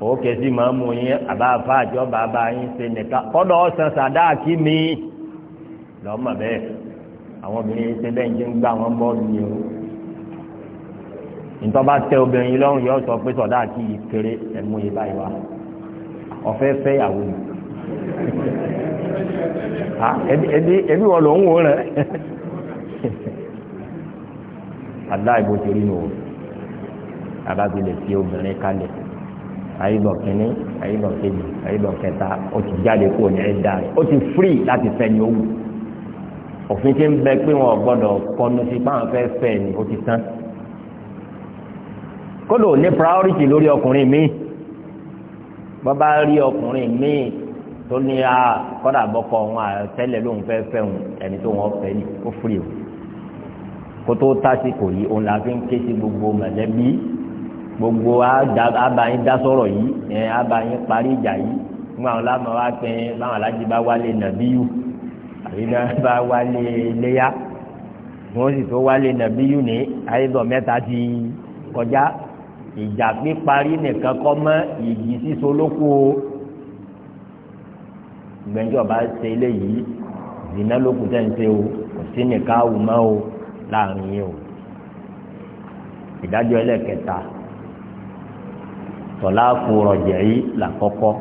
o òkè sí máa mú yín àbá àfáàjọ bàbá yín ṣe nìkan kọ́dọ̀ ọ̀sán sàdáàkì mi lọ́mọ bẹ́ẹ̀ àwọn obìnrin ṣe bẹ́ẹ̀ ń gbà wọ́n bọ́ọ̀lù yìí o nítorí bá tẹ obìnrin lọ́rùn yóò sọ pé sọ̀dá àti ìkéré ẹ̀mú yìí báyìí wá ọ̀fẹ́ fẹ́ ìyàwó mi ẹbí wọn ló ń wò rẹ aláìbò torí nù o alábìlẹ̀ tí obìnrin kalẹ̀ àyíbọ̀ kínní àyíbọ̀ kejì àyíbọ̀ kẹta ó ti jáde kúrò ní ẹ̀dá rẹ̀ ó ti firi láti fẹ́ ni ó wù òfin tí ń bẹ pé wọn ò gbọ́dọ̀ kọnu sí pé àwọn fẹ́ fẹ́ ni ó ti tán kódò ní priority lórí ọkùnrin míì wọ́n bá rí ọkùnrin míì tó ní a ah, kọ́dà bọ́kọ òun àtẹ́lẹ̀ lóun fẹ́ fẹ́ òun ẹni tó wọ́n fẹ́ ni ó fúri o kó tó tásìkò yìí òun la fi ń ké sí gbogbo mọ̀lẹ́bí gbogbo abayin dá sọ̀rọ̀ yìí ẹ̀ abayin parí ìjà yìí fún àwọn lámà wá pé báwọn alájí bá wálé nàbíyù àbí náà bá wálé léyà wọ́n sì tó wálé nàbíyù ní ayédọ̀ mẹ́ta ti kọjá ìjà píparí nìkan kọ́ mọ́ ìjì síso lóko o gbẹ̀njọ́ bá ṣe eléyìí zina lóko tẹ́ ń ṣe o kò sí nìkan awù mọ́ o láàrin yìí o ìdájọ́ ẹlẹ́kẹta tọ́lá fún rọ̀jẹ̀ yìí làkọ́kọ́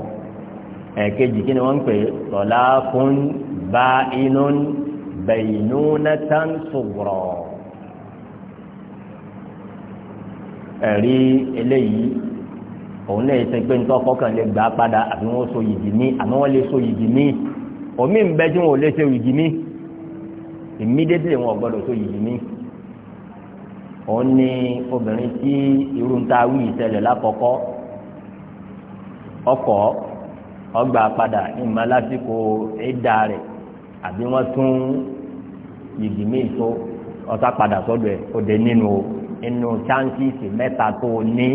ẹ̀ẹ̀kejì kí ni wọ́n ń pè tọ́lá fún bá inú bẹ̀yìnú náà tán ẹ̀rí eléyìí òun lè ṣe pé nítorí ọkọ̀kan lè gbà padà àbí wọ́n so yìgì ní àmọ́ wọ́n lè so yìgì ní omi ń bẹ tí wọn ò lè so yìgì ní immediately wọn ò gbọ́dọ̀ so yìgì ní. òun ni obìnrin tí irú ń ta wí ìṣẹ̀lẹ̀ lákọ̀ọ́kọ́ ọkọ̀ ọgbà padà ìmọ̀ lásìkò ẹ̀dá rẹ̀ àbí wọ́n tún yìgì míì so ọ̀tá padà sọ́dọ̀ ẹ̀ ó dé nínú o inú chances mẹ́ta tó o ní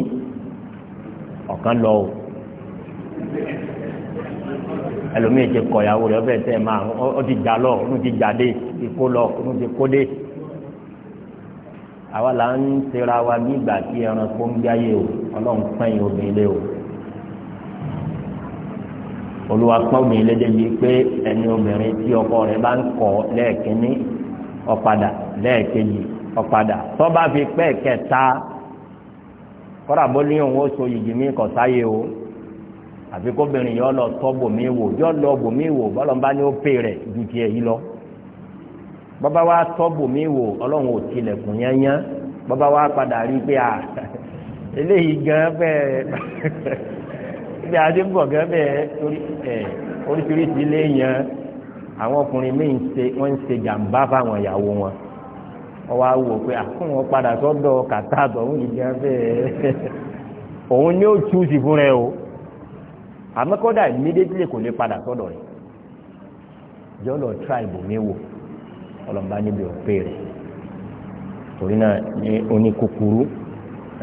ọ̀kan lọ o ẹlòmíì ti kọ rẹ̀ ọbẹ̀ tẹ̀ máa ọ ti jà lọ ọdún ti jà dé ìkó lọ ọdún ti kó dé àwa là ń tẹra wa nígbà tí ẹranko ń gbáyé o ọlọ́run pẹ́yìn obìnrin lé o olùwà pọ́ọ̀mù ìlédèjì pé ẹni obìnrin tí ọkọ rẹ̀ bá ń kọ̀ lẹ́ẹ̀kínní ọ̀padà lẹ́ẹ̀kejì ọ̀padà tó bá fi pẹ́ kẹta kọ́ra bó ní òun ó so yìgì mí kọ̀ sáyé o àfi kóbìnrin yọ lọ tọ́ bòmí wò yọ lọ bòmí wò bọ́lọ́mbá ni ó pè rẹ̀ ju tiẹ̀ yìí lọ bọ́bá wa tọ́ bòmí wò ọlọ́run ò tilẹ̀kùn yányán bọ́bá wa padà rí pé à eléyìí gan bẹ́ẹ̀ bí adébọ̀ gan bẹ́ẹ̀ oríṣiríṣi lè yan àwọn ọkùnrin míì ń ṣe wọ́n ń ṣe jàǹbá fáwọn ìyàwó wọn ọwọ́ awò pé àkóhùn ah, wọn padà sọ́dọ̀ kàtà àtọ̀hún yìí jẹ́ bẹ́ẹ̀ òun ni ó túùsì fún rẹ o àmọ́ kọ́dà immediately kò lè padà sọ́dọ̀ rẹ̀ jọ́lọ̀ tribe mi wò ọlọ́mọba níbi òpè rẹ̀ torí náà ní oníkúkúrú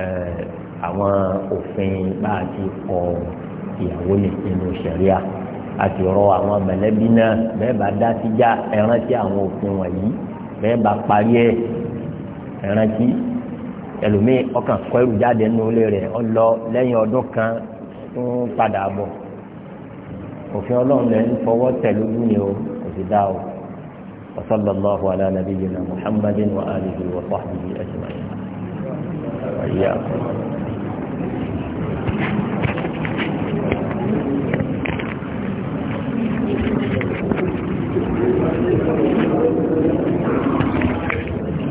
eh, àwọn òfin bá a ti kọ ìyàwó ní inú ṣẹ̀ríà àti ọ̀rọ̀ àwọn mẹ̀lẹ́bí náà bẹ́ẹ̀ bá dá sí já ẹran sí àwọn òfin wọ̀nyí bẹ́ẹ̀ bá parí ẹ̀ ẹ̀rántí ẹlòmíì ọkàn kọ́ẹ̀rù jáde nínú ilé rẹ̀ ọlọ lẹ́yìn ọdún kan ń padà bọ̀ òfin ọlọ́run lẹ́ fọwọ́ tẹ̀lé ojú o kò sì dá o وصلى الله على نبينا محمد وآله وصحبه أجمعين وإياكم